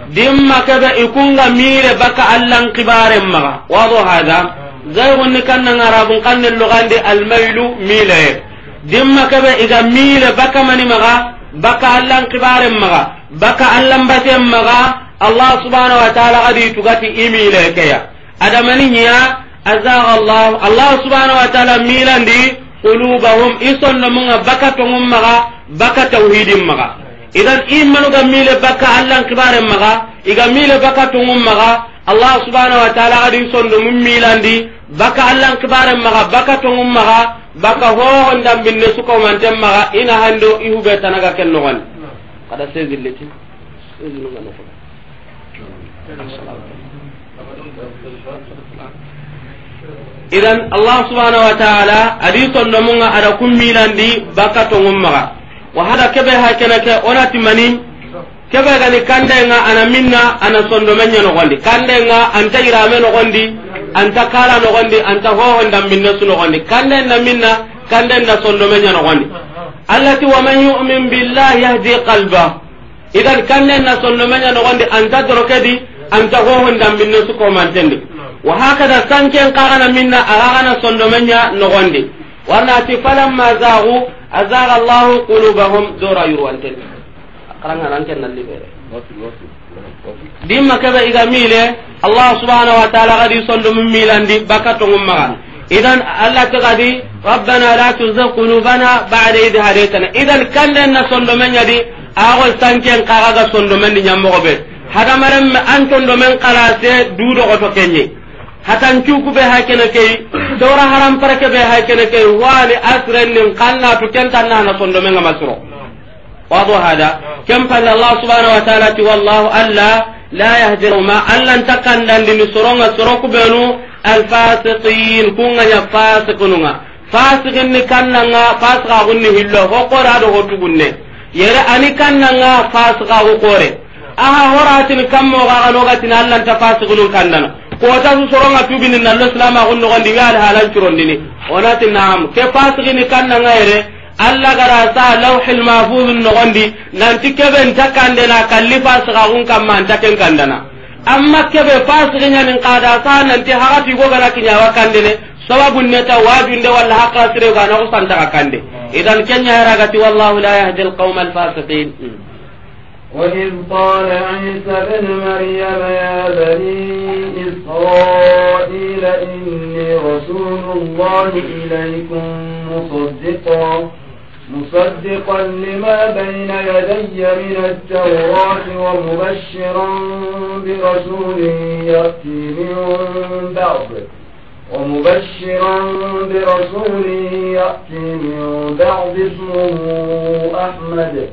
dimma kaga ikunga mire baka allan kibaren maga wado hada zaygun ni kanna arabun kanne lugande almailu mile dimma kaga iga mile baka mani ma baka allan kibaren maga baka allan batem ma allah subhanahu wa ta'ala adi tugati imile kaya adamani nya azza allah allah subhanahu wa ta'ala milandi qulubahum isonno munga baka tongum maga baka tauhidin maga idan imanu ga mile baka allan kibaren maga iga mile baka tungum maga allah subhanahu wa ta'ala adi son sondo mum milandi baka allan kibaren maga baka tungum maga baka ho ndam binne suko mantem maga ina hando ihube tanaga ken nogon kada sezilleti sezinu ngana fa idan allah subhanahu wa ta'ala adi sondo mun ada milandi baka tungum maga wa kebe ha keneke onati mani kebe gani ana minna ana anta irame anta anta da minna allati yumin yahdi qalba idan na anta anta su wa hakada sanken kagana minna agagana sondomenya falamma azaga allah qulubahum dora yurwanten karanga nan ken nalli bere dimma kebe iga mile allah subhanahu wa ta'ala gadi sondu mum milandi bakato mum magan idan allah ta gadi rabbana la bana qulubana ba'da idh hadaytana idan kallen na sondo men yadi agol sanken kaga sondo men nyammo be hadamaren an tondo men kala se dudo hatan cuku be ha kene kei dora haram parake be ha kene kei wali asren nin kanna to kenta na na sondo menga masro wado hada kam pal allah subhanahu wa ta'ala ti wallahu alla la yahdiru ma allan takandan din soronga ku benu al fasiqin kunga ya fasiqununga fasiqin ni kannanga fasiqa gunni hillo ho qora do hotu gunne yere ani kannanga fasiqa ho qore aha horatin kammo ga ganogatin allan ta fasiqunun kannana kotasu soronga tubini nallo silamaxun nogondi ga alhalan curondini onati naam ke fasigini kannanga yere allah gara sa lawhil mahfuzun nogondi nanti keɓen ta kandena kalli fasigaxun kamma anta kandana amma keɓe fasigiñanin kada sa nanti haxatigo gana kiñawa kandene sababu neta wajunde walla haqa na anaxu santaxa kande idan keñaheragati wallahu la yahdi alqauma alfasiqin وإذ قال عيسى بن مريم يا بني إسرائيل إني رسول الله إليكم مصدقا مصدقا لما بين يدي من التوراة ومبشرا برسول يأتي من بعد ومبشرا برسول يأتي من بعد اسمه أحمد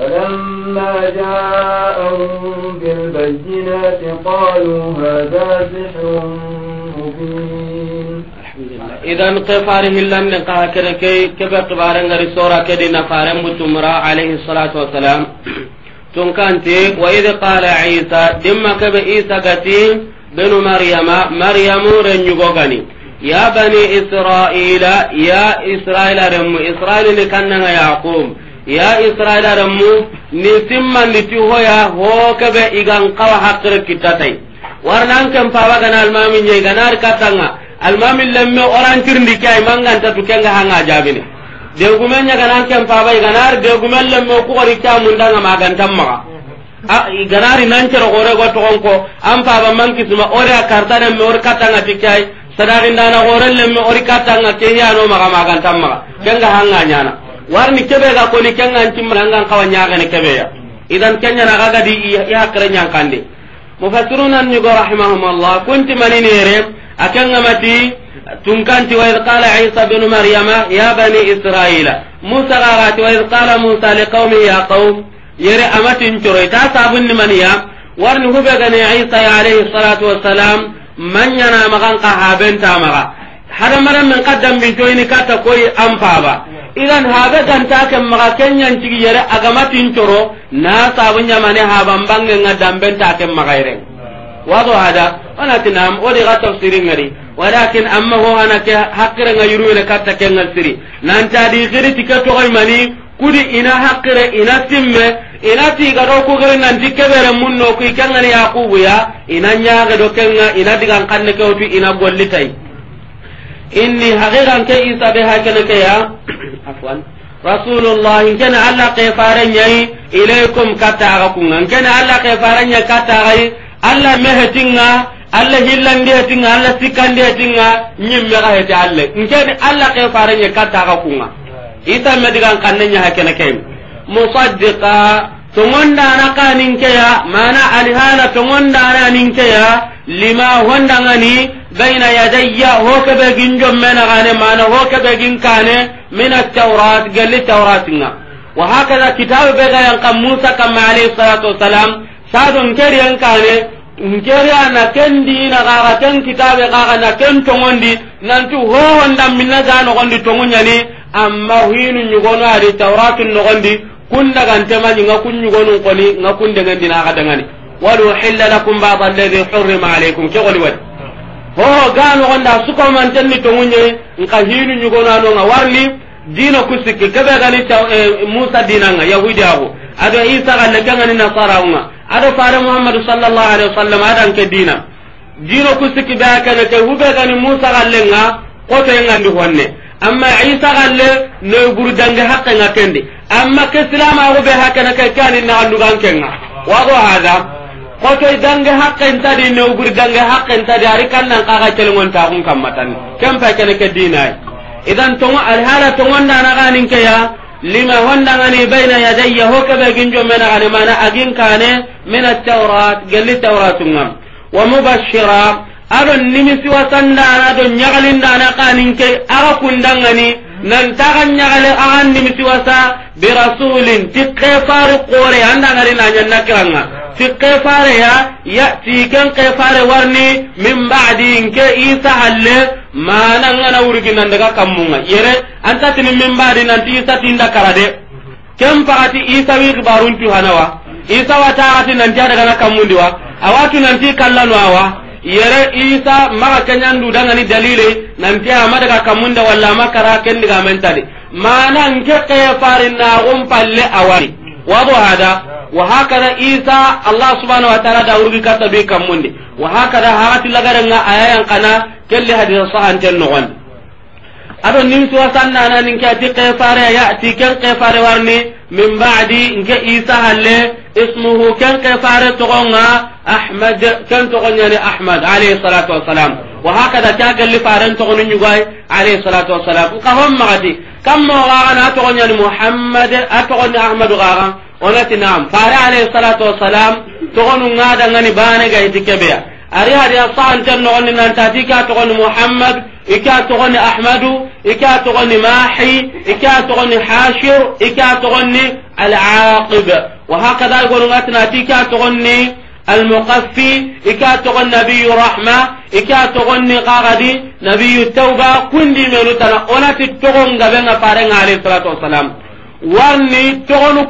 فلما جاءهم بالبينات قالوا هذا سحر مبين إذا قفاره لم نقع كركي كيف قبارا غري سورة كدي نفارا متمرا عليه الصلاة والسلام (clears throat) تنكنتي وإذ قال عيسى دم كب عيسى قتي بن مريم مريم رنجوغني يا بني إسرائيل يا إسرائيل رم إسرائيل لكننا يعقوب ya israila rammu ni simmandi ti hoya hokebe igan kawa hakkire kittatai warnan ken pawagana almami ñe ganari kattanga almami lemme orantirndi ke ay mangantatu kenga hanga jaabini degumen ñaganan ken paba iganari degumen lemme kuxori camundanga magantan maxa ganari nancero xorego toxonko an paba mankisima ore a kartanemme ori kattanga ti ke ay sadaxindana xoren lemme ori kattanga ke yano maxa magantan maxa kenga hanga ñana warni kebe ga koni kengan timrangan kawanya gane kebe ya idan kenya na gaga di ya krenya kande mufassiruna ni go rahimahumullah kunti manini yere akanga mati tunkanti wa idh qala isa ibn maryama ya bani israila musa garati wa idh qala musa liqaumi ya qaum yere amati ncoro ta sabun ni maniya warni hube gane isa alayhi salatu wassalam manyana magan ta maga hada maran min qaddam bin toyni kata koy ampaba idan haga ganta ken maga kenyan cigi yere agamatin coro na sabu ñamane habanbange nga dambenta ken magayren wato hada onati nam odi ga tafsirin ngari walakin amma ho hana ke hakkire nga yurwene katta ke ngal nan ta di giri tike togoy mani kudi ina hakkire ina timme ina ti ga do ku gari nan dikke bere munno ku ikengani yaqubu ya ina ga do kenga ina digan kanne ke otu ina gollitai inni haqiqan ke isa be hakene ke ya afwan rasulullah ken alla ke faran yayi ilaykum kata ga kun ken alla ke faran ya kata ga alla mehetinga alla hillandi hetinga alla sikandi hetinga nyimme ga hete alla ken alla ke faran ya kata ga kunga isa medigan kanne nya hakene ke musaddiqa tongondana kaninkeya mana alihala tongondana ninkeya lima hondangani baina yadayya hokebe ginjommenagane mana hokebe ginkane min ataurat gelli tauratinga wahakaza kitabe begayan kam musa kamma alayhi salatu wasalam sado nkeriyankane nkeriya na kendi nagaga ken kitabe gaga na ken tongondi nanti howondan minna ga nogondi tongunyani amma hinu nyugono adi tauratu nogondi kun daga ntema nga kun nyugonu koni nga kun daga ndina ga daga ni walu hilla lakum ba'd alladhi hurrima alaykum ke goli wad ho gano onda suko man tanni to munye nka hinu nyugonu ano nga warni dina kusiki kebe gani ta eh, Musa dinanga yahudi ago ado Isa galle gangani nasara unga ado fare Muhammad sallallahu alaihi wasallam adan ke dina dina kusiki ba kana ke hubega ni Musa galle nga ko to ngandi honne amma isa galle no guru dange hakke nga kende amma ke silama go be hakka na kai kanin na andu gan kenga wa go hada ko to dange hakke nta di no guru dange hakke nta di ari kan nan kaga celngon ta kun kammatan kem pa kene ke dinai idan to al hala to wanda na ganin ke ya lima wanda ngani baina yadayya hoka be ginjo mena ani mana agin kane min at-taurat galli tauratun wa mubashshira adon nimisi wasandana adon ñagalindana kaninke aga kundangani nantaga ñagale aga nimisi wasa birasulin ti kefari kore andangari nañanna kiranga ti kefare ya yati ken kefare warni min badi nke isa halle manangana wurginandaga kammunga yere antatini min badi nanti isa tinda karade ken pagati isa wi kibaruntu hanawa isa wataagati nanti adagana kammundi wa awatu nanti awa yere isa maga kenyan du dangani dalile nanti ama daga kamunda walla makara kara kendi ga mentali mana nke ke farin na gon palle awari wado hada wa hakada isa allah subhanahu wa ta'ala da urgi kata be kamundi wa hakada hafi lagare nga ayayan kana kelli hadisa sahan ten no gon ado nim suwa nan nke ati ke ya ati ken ke warni من بعد نك عيسى اسمه كان كفار تغنى أحمد كان تغنى يعني أحمد عليه الصلاة والسلام وهكذا كان قال لي فارن تغنى نجاي عليه الصلاة والسلام وكهم مغدي كم غاغنا تغنى يعني محمد أتغنى أحمد غارا ونتي نعم فار عليه الصلاة والسلام تغنى غادا غني بانا غايتي كبيا أري هذه الصحن تنغنى نانتاتيكا تغنى محمد ika togoni ahmadu ika togoni mahi ika togoni hashir ika togoni alaqib wa hakada gonungatina ti ika togonni المقفي إكا تغن warni togonu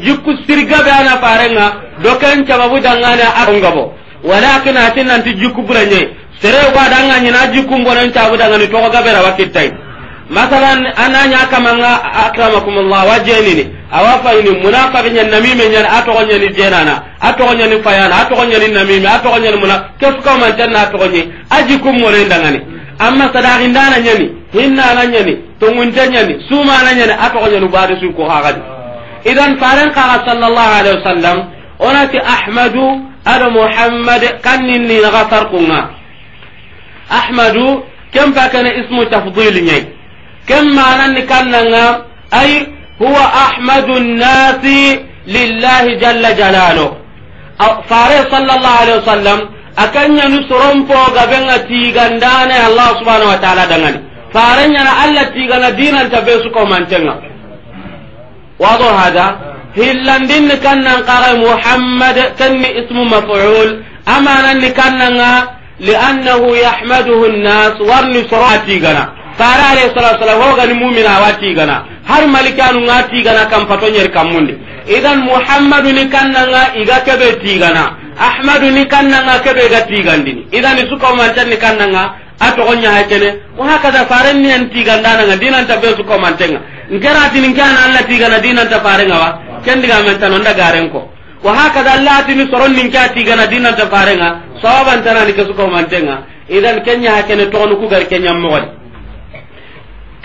jikku ana farenga doken cababu dangane walakin nanti jikku buranye sere ba danga nyina jikum bonan tabu danga ni toga gabera wakittai masalan ananya kamanga akramakumullah wajeni ni awafa ni munafiq nyen namime nyen atogo nyen jenana atogo nyen fayana atogo nyen namime atogo nyen muna kef ka man tan atogo nyen ajikum bonan danga ni amma sadaqi ndana nyeni hinna na nyeni tungun nyeni suma na nyeni atogo nyen ubade su ko hagadi idan faran ka sallallahu alaihi wasallam onati ahmadu ado muhammad kanni ni nagasar kunga ahmadu kem pa kana ismu tafdil ne kem manan ni kannanga ay huwa ahmadu nasi lillahi jalla jalalo fare sallallahu alaihi wasallam akanya nu sorompo gabenga tigandane allah subhanahu wa ta'ala dangani fare allah tigana dinan ko mantenga hada hillandin kannan qara muhammad kanni ismu maf'ul amanan kannan li'annahu yahmaduhu an-nas warni sorati gana fara alayhi salatu wasallam ho gani mu'mina wati gana har malikanu ngati gana kam patonyer kamunde idan muhammadu ni kannanga iga kebe tigana ahmadu ni kannanga kebe ga tigandini idan suka mantan ni kannanga atogonya hakene wa hakaza faran ni antigandana nga dinan ta besu ko mantenga ngera tin kana alla tigana dinan ta farenga wa kendiga mantan onda garenko wa hakaza alla tin soron nin kya tigana dinan ta farenga sawaban tanani kesu mantenga idan kenya hakene togonu ku gar kenya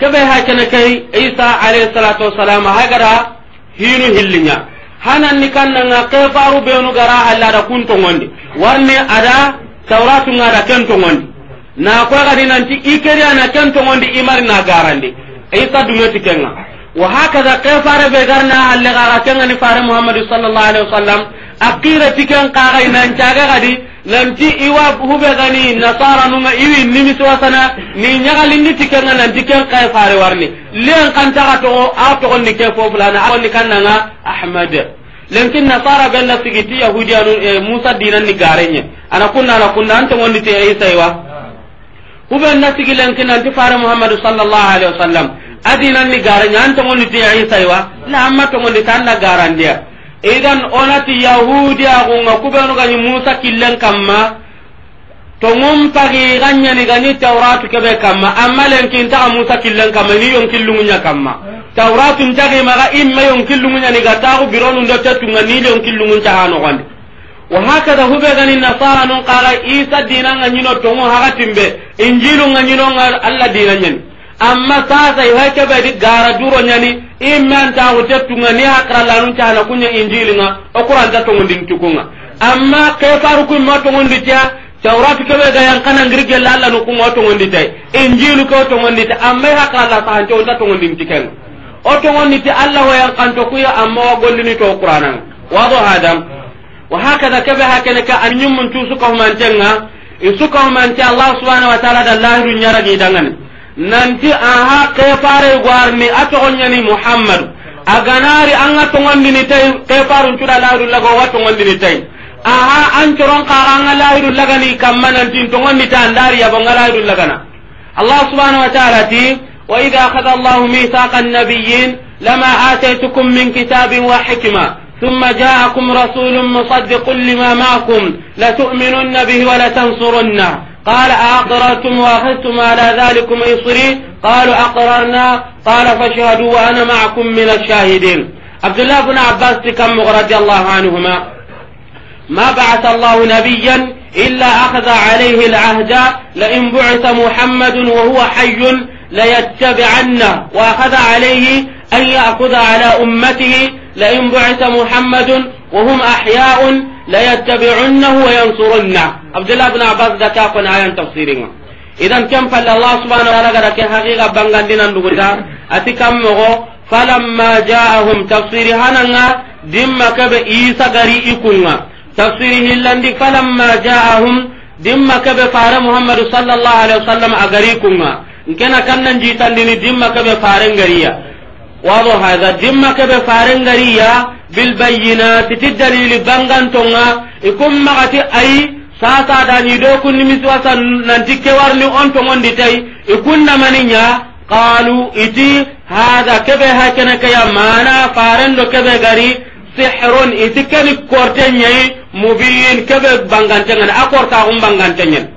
kabe hake hakene kai isa alayhi salatu wassalam hagara hinu hillinya hanan ni kannanga ka faru onu gara kun kunto ngondi warne ada tawratu ngada kento ngondi na ko gadi nanti ikeri ana kento ngondi imar na garandi isa dumeti kenga wa hakaza ke faru be garna halle gara kenga ni faru muhammadu sallallahu alaihi wasallam akira tiken kaga nan caga gadi nanti iwa hube gani nasara nunga iwi nimisi wasana ni nyagalindi tikenga nanti ken kay fare warni len kan taga to a to ni ke fo fulana a ni nga ahmad lenkin nasara bella sigiti yahudi anu eh, musa dinan ni garenye ana kunna ana kunna anta ni te isa iwa hube na sigi lenkin nanti fare muhammad sallallahu alaihi wasallam adinan ni garenye anta ni te isa iwa na amma to ngondi tan na garandia idan onati yahudiyagunga kubenugañi musa killen kamma tongum pagi yani gani tauratu kebe kamma amma lenkintaxa musa killen kamma ni yonkillunguña kamma tauratu ntaximaxa imma yonkillunguñani gataxu bironunde tettunga ni yonkillunguncaxa noxondi wa hakada hube gani nasara nun kaga isa dina nga nyino tongo haga timbe injilu nga nga alla diina nyani amma sasa ihake be di gara nyani imman ta hote tunga ni hakra nun ta na kunya injili nga o qur'an ta tongo din tukunga amma ka faru kun ma din ndita tawrat ke be ga yang kana ngir la Allah no kunga tongo ndita injilu ko din ndita amma hakra la ta hanto ta tongo din tiken o din ndita Allah wa yang kanto ku ya amma wa gollini to wa do hadam wa hakada ka be hakene ka an nyum mun tu suka humantenga isuka humante Allah subhanahu wa ta'ala da lahirun yaragi dangane nanti aha kefare gwarni atoxoñani muhammadu aganari anga togondini tay kefarun cuɗa lahirullaga owa togondini tay aha an coron kaxa anga lahirullagani kamma nantin togondita andari yabonga lahirullagana allah subhanau wa taala ti wa ida akada allahu mithaqa annabiyin lama ataytukum min kitabin wa hikma ثم جاءكم رسول مصدق لما معكم لتؤمنن به ولتنصرنه قال أقررتم وأخذتم على ذلكم إصري قالوا أقررنا قال فاشهدوا وأنا معكم من الشاهدين عبد الله بن عباس كم رضي الله عنهما ما بعث الله نبيا إلا أخذ عليه العهد لئن بعث محمد وهو حي ليتبعنه وأخذ عليه أن يأخذ على أمته لئن بعث محمد وهم أحياء لا يتبعنه وينصرنه عبد الله بن عباس ذكاء كون آية تفسيرنا إذا كم فل الله سبحانه وتعالى قد حقيقة بانغاندينا نقولها أتي كم فلما جاءهم تفسيري هننا دم كب إيسا غري تفسيري تفسير هلاندي فلما جاءهم دم كب فار محمد صلى الله عليه وسلم أغريكونا nkena kannan jitandini dimma كب فارن غريا wado hada dimma كب فارن غريا bilbayinati ti dalili bangantonga ikum magati ayi sasa dani do kunni miswasa nanti kewarni on tongondi tay ikunna maninya qalu iti hada kebe hakena kaya mana do kebe gari sihrun iti kani kortenye mubin kebe bangantengan akorta gum bangantenyen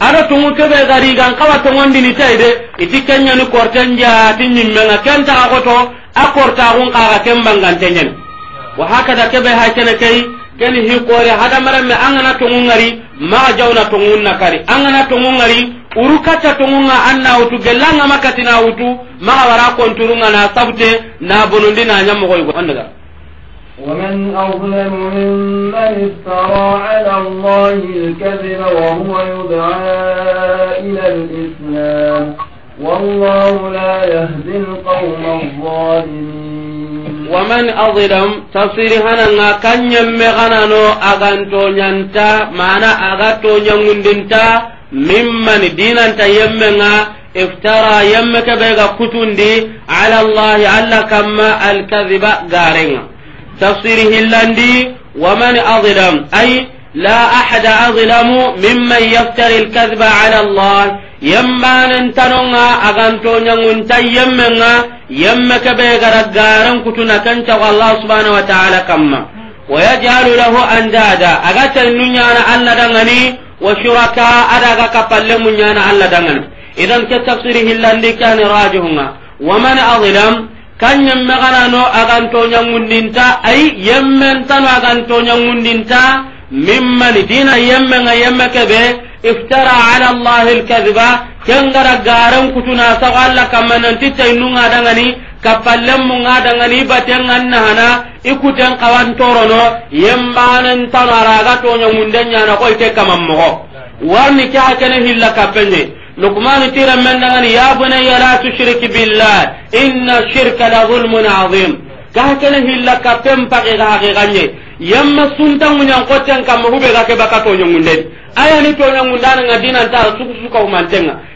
ada tungu kebe gari gan kawa tongondi ni tay de iti kenya ni kortenja tinnyimmenga kenta akoto akorta um kaga kembangantenyen wa hakada ke ka kene kai kani hi kore hada me angana to ngari ma jauna to ngunna kari angana to ngari ta to ngunga anna utu gelanga makati na utu ma wara turunga na sabte na bonundi na nyamo koy wandaga ومن أظلم ممن افترى على الله الكذب وهو يدعى إلى الإسلام والله لا يهدي القوم ومن أظلم تصير هنا كان يمغنن أغانتو نانتا معنى أغاتو نانتا ممن دين أنت يمغا افترى يمك بيغا كتون دي على الله على كما الكذبة غارين تصيره اللندي ومن أظلم أي لا أحد أظلم ممن يفتري الكذب على الله يمان انتنونا أغانتو نانتا يمغا yamma ke be kutuna kan ta Allah subhanahu wa ta'ala kamma wa yaj'alu lahu andada aga tan na Allah dangani wa shuraka ada ga kapalle munya na Allah dangani idan ke tafsiri hillandi kan rajihunga wa man azlam kan yamma gara no aga to nyangundinta ai yamma tan aga to nyangundinta mimman dina yamma nga yamma ka be iftara ala allahi alkadhiba kengara garan kutuna sago alla kamma nanti tainunga dangani kappallenmu nga dangani baten annahana ikuten kawantorono yembanen tano araga toñamunde ñana ko ite kaman mogo warni ke hakene hilla kappenye lukmanu tiranmen dangani ya bunaya la tushrik billah inna shirka la zulmun azim ga hakene hilla kappen pake ga hakikanye yemma suntanguñankotten kamma huɓe ga ke baka toñamundeni aya ni to nyangu dana ngadina ta suku suka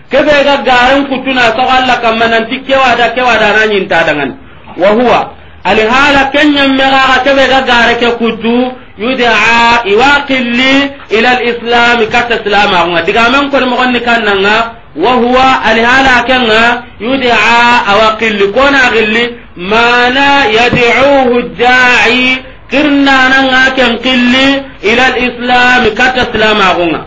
ke be ga garan kutuna so Allah kamma nan tikewa da kewa da nan yin ta dangan wa huwa al hala kanyam mera kebe ga gare ke kutu yud'a iwaqilli ila al islam ta islam ngal diga man ko mo gonni kannanga wa huwa al hala kanga yud'a awaqilli kona gilli mana yad'uhu da'i kirna nan ken qilli ila islam kata islam agunga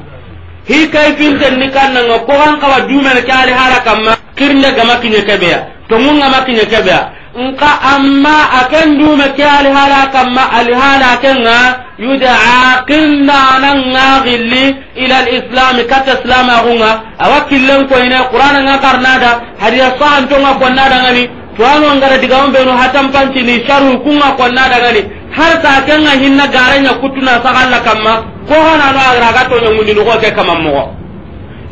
hi kay filten ni kannanga ko han kawa dumen ali haraka ma kirnde gama kinye kebeya to ngunga ma makinye kebeya nka amma akan dume haraka ma ali alhala kenga yudaa kinna nan gilli ila islam kata islam agunga awakil awakillen ko ina qur'ana nga karnada hadiya sahan to nga konnada ngani to anu ngara diga on beno hatam panci ni sharu kunga konnada ngani har ta a hinna ya kutuna sagalla kamma ko hana na agra ga to nyangundi no ko ke kamam mo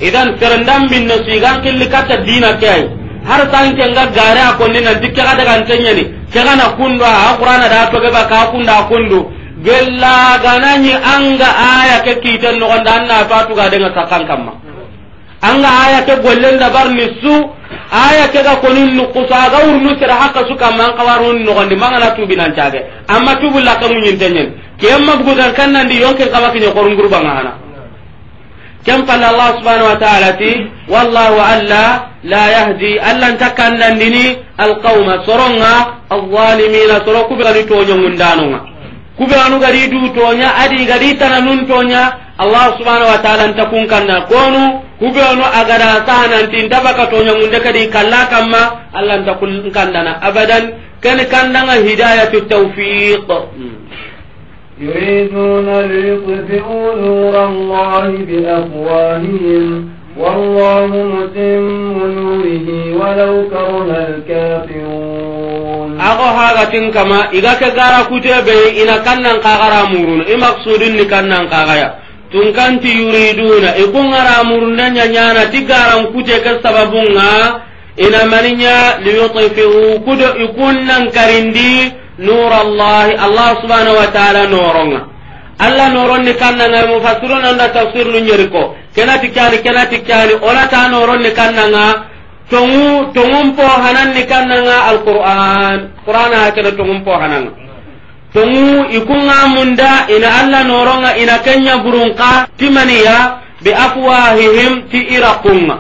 idan serendam bin no sigan killi kata dina kai har kan kenga gare a konni na dikke ga daga tanya ni ke kana kundo a qur'ana da to ga ka kunda kundo gella gananyi anga aya ke kitan no ganda na fatu ga daga sakan kamma anga aya ke gollen da bar ni su aya ke ga konin nu kusa ga urnu tira haka su suka man qawarun no gondi mangana tubi nan caage amma tubu la kamun yin tenyen kem mabugo kan kannan di yonke kama kinyo korun gurba ngana kem pala allah subhanahu wa ta'ala ti wallahu alla la yahdi allan takannan dini alqauma soronga alzalimina ku bi gadi to nyongundanonga kubenu gadi du to tonya adi gadi tananun tonya allah subhanahu wa ta'ala ntakun kanna konu kubenu agada sahananti ntabaka toñagunde kadi kalla kamma allah nta kandana abadan ken kandanga hidayatu tawfiq يريدون ليطفئوا نور الله بأفواههم والله متم نوره ولو كره الكافرون أغو هذا تنكما إذا كغارا كتبه إن كان نقاغرا مورون إما قصود إن كان نقاغيا tunkanti yuriduna ikungara murunda nyanyana tigaran kute ke sababunga ina maninya kudo karindi nur allah allah subhanahu wa ta'ala noronga allah noronni kannanga mufassiruna tafsir nyeriko ta tongu hanan ni alquran qur'ana hananga tongu ikunga munda ina alla noronga ina kenya burunka timaniya bi afwahihim ti iraqunga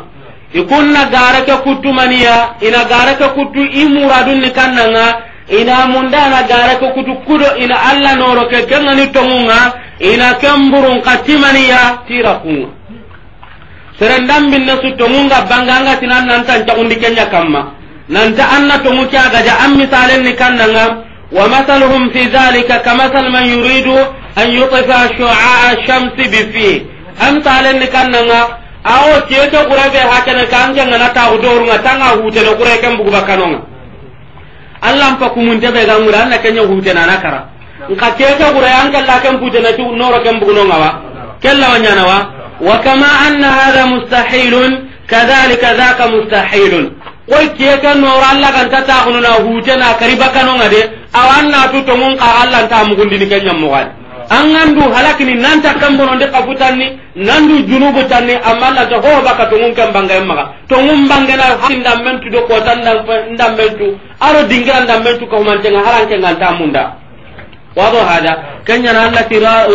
ikunna gareke kuttu maniya ina gareke kuttu imuradun ni kannanga ina munda na gareke kuttu kudo ina alla noroke kenga ni tongunga ina ken burunka timaniya ti iraqunga serendambinne su tongunga banganga tinan nanta ncagundi kenya kamma nanta anna tongu kiagaja an misalen ni kannanga ومثلهم في ذلك كمثل من يريد أن يطفئ شعاع الشمس بفيه أمثال كاننا أو كيف قريب هكذا كان جنة تعودور ما تنا هو تلقي كم بكرنا Allah fa ku munte be gamu ran nake nyu hute na nakara ka keke gure an kala kan puje na tu noro kan bugno ngawa kella wanya wa kama anna hadha mustahilun kadhalika dhaka mustahilun koy kiyeke nooro allah ganta taxununa hutena karibakanonga de awan natu tongun ka allah nta mugundini ke ñammoxadi angandu halakini nanta kambononde kafutanni nandu junubu tanni amma allanta hoobaka tongun ke mbangayen maxa tongun mbangena ndammentu do kota ndammentu aro dingira ndammentu kahumantenga harankenga nganta munda wado hada kenyana ra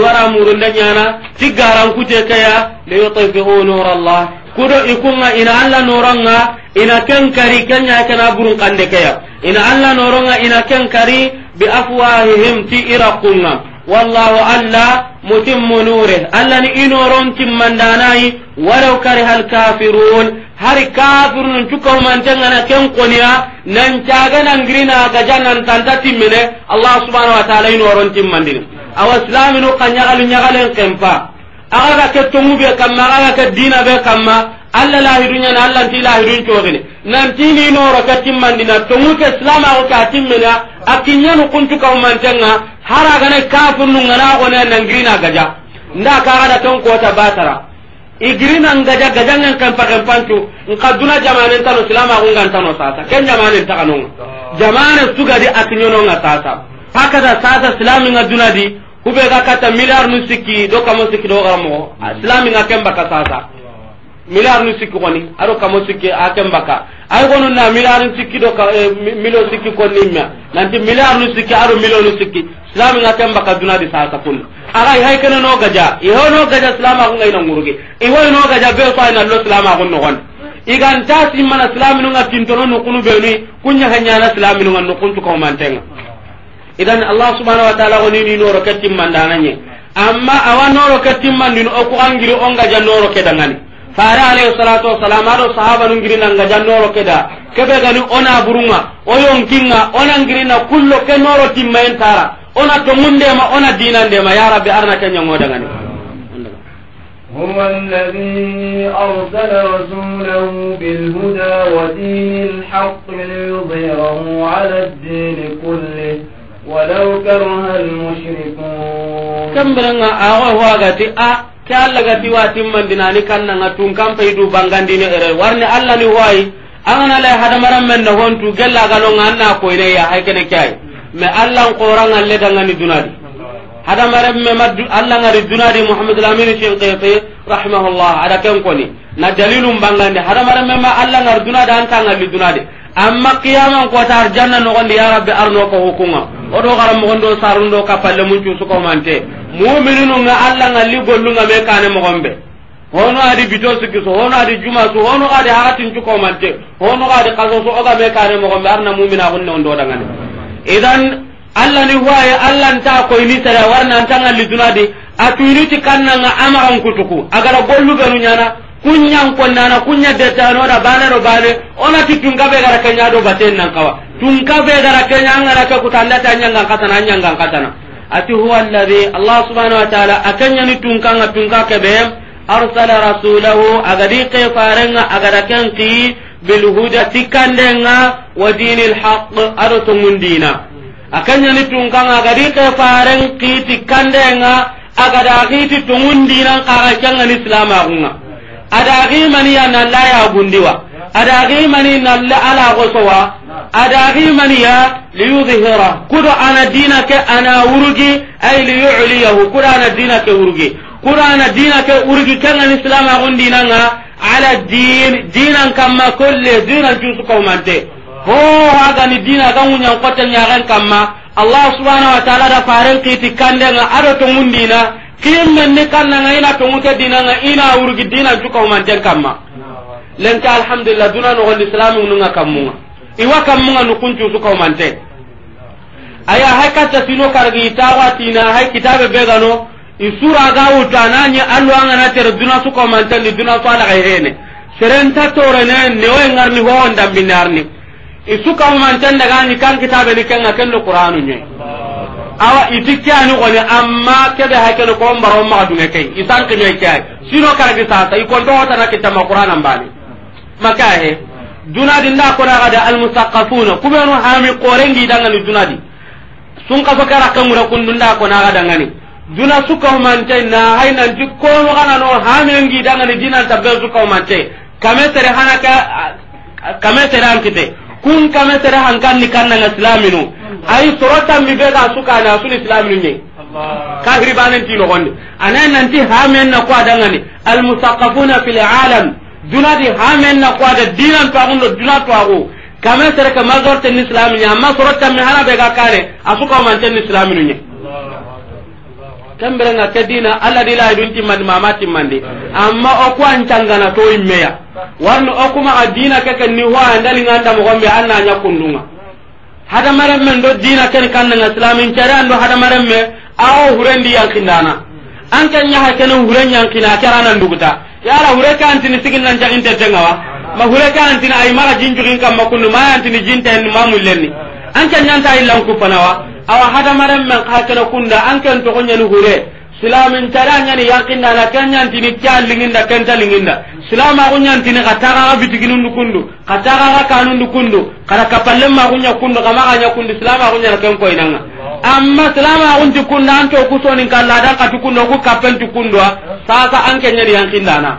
wara murunda nyana tigaran kute kaya li yutifihu nur allah kudo ikunga ina allah nuranga ina ken kari kenya kana burun kande kaya ina alla noronga ina ken kari bi afwahihim ti iraqunga wallahu alla mutimmu nure alla ni inoron timmandanai kari kariha alkafirun hari kafir nun cukaw man jangana ken nan caga nan grina ga janan tanta timmine allah subhanahu wa ta'ala inoron mandin awa islaminu kanyalu nyagalen kempa aga ga ke tongu be kamma aga ga ke dina be kamma alla la hidunya na alla ti la hidun togene nan ti ni no ro ka timmandi dina tongu ke islam aga ka timmina akinya no kuntu ka mantenga hara ga ne kafun nu ngana ko ne nan grina gaja nda ka ga da ton ko ta batara igrina ngaja gaja ngan kan pakan pantu nkaduna jamane tan islam aga ngan tano sata ken jamane ta kanonga ah. jamane suga di akinya no ngata sasa haka da sasa islam ngaduna di kube ga kata miliar nu sikki do kamo sikki do garamo islami mm. nga kemba ka sasa miliar nu sikki koni aro kamo sikki a kemba ka ay gonu na miliar nu sikki do ka eh, milo sikki koni ma nanti miliar nu sikki aro milo nu sikki islami nga kemba ka duna di sasa kun ara hay kana no gaja i ho no gaja islam ko ngai na ngurugi i ho no gaja be so na lo islam ko no gon igan ta simmana islam nu nga kintono no kunu be ni kunya hanya na islam nu nga no kuntu ko mantenga idan allah subhanahu wa ta'ala woni ni noro ke mandana nye amma awa noro katim mandino o ko angiri on ga janoro ke dangani fara alayhi salatu wassalam ado sahaba nun girina ga janoro ke da kebe gani ona burunga o yonkinga ona girina kullo ke noro timmayen tara ona to munde ma ona dinande ma ya rabbi arna kenya ngoda ngani هو الذي أرسل رسوله بالهدى ودين الحق ليظهره على الدين كله ولو كره المشركون كم برنا أغوه واغتي ا ke Allah ga tiwa timman dinani kanna nga tun kan du bangandi ne ere warne Allah ni wai hada maram men gella ga nganna ko ine ya hay kene kai me Allah ko ran alle ga ngani dunadi hada maram me mad ngari dunadi Muhammad rahimahullah ada ko ni na dalilum bangandi hada maram me an dunadi amma qiyaman kota arjanna nogondi ya rabbi arno ko garam mo garamogondo sarundo palle mun ko nga cusukomante nga li ngalli nga me kane gombe hono adi bito sikkiso hono adi juma su hono adi haratin mante hono adi kasoso oga me kane gombe arna mumina gunne on ni idan alla ni huwaye alla nta ini tara warna nta li dunadi a tuyiniti nga amaran kutuku agara ganu nyana kunyan konnana kunya detano da bane do bane ona ti ka be gara kenya do baten nan kawa tun tunga be gara kenya ngara ka kutanda tanya ngang katana nyanga katana ati huwa alladhi allah subhanahu wa ta'ala akanya ni tunga nga tunga kebe arsala rasulahu agadi ke farenga agada kanti bil huda tikandenga wa dinil haqq ado tungundina akanya ni tunga nga agadi ke faren kiti kandenga agada kiti tungundina kara kanga ni islama kunga ada mani ya na la ya gundiwa ada mani na la ala gosowa ada mani ya liyudhira kudo ana dina ke ana urugi ay liyuliyahu kudo ana dina ke urugi kudo ana dina ke urugi kan islam agundina nga ala din dinan kamma kulli dinan jusu mante ho ni dina kan wunyan kotten kan kamma allah subhanahu wa ta'ala da faran kiti kandenga ado to mundina kiyem men ne kan na ina to ngute dinanga ina urgi dina juka o manten kamma lenka alhamdulillah duna no gondi islamu nunga kamunga iwa kamunga no kuncu suka o manten aya haka ta sino kargi tawa hay kitabe ga ter duna duna ga hene ne o ho ndam daga ni kan kitabe ni kan kan qur'anu awa iti kani goni amma kebe ni ko baro ma dunga kai isan kime kai sino karagi sasa ikon to hota na ma qur'anan bani maka he di nda ko na gada al musaqqafuna kubenu hami qorengi danga ni di sun ka so kara kamura kun nda ko na gada ngani duna man mante na haina ji ko no kana no ngi danga ni dinan ka man mante kame tere hanaka kame tere an kite kun kame tere kan ni nga islaminu ay sorota mi be ga suka na sun islam ni kafiri banen ti no gonde anan nan ti hamen na kwa danga ni al musaqafuna fil alam dunadi hamen na kwa da dinan to agundo dunatu agu kame sere ka mazorte ni islam ni amma sorota mi hana be ga kare asuka man tan islam ni kambere nga kadina alla di la dun timman mama timmande amma o ko an tangana to immeya warno o kuma adina kake ni wa andali nganda mo gombe anna nya kundunga hada maram men do dina ken kan na islamin cara ando hada maram me awo hurendi yankindana an kan nya hakan huren yankina cara nan duguta yara hure kan tin sigin nan jagin te tengawa ma hure kan tin ay mara jinjugin kam makunu ma antin jinta en mamullenni an kan nyanta illan kupanawa awa hada maram men kunda an kan to gonya hure silamin tara nyani yakinda na kanyan tini kya linginda kenta linginda silama kunya tini kataka ka bitiginu ndukundu kataka ka kanu ndukundu kada kapalle ma kunya kundu kama kanya kundu silama kunya na kenko inanga amma silama kun tikunda anto kusoni kala da ka katukundo ku kapen tikundwa sasa anke nyani yakinda na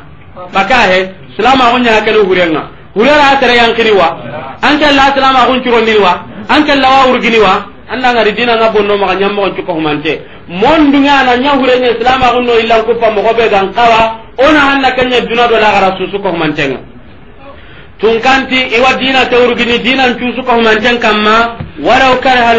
maka he silama kunya na kelu hurenga hurera tere yankini wa anke la silama kun churondini wa anke la wa urgini wa anda ngari dina ngabonno maka nyammo ko humante mondunga na nyahurenya islama kunno illa kufa mogobe gan kawa ona hanna kenya duna do la gara susu ko mantenga tunkanti iwa dina tawrugini dina ncusu ko manten kamma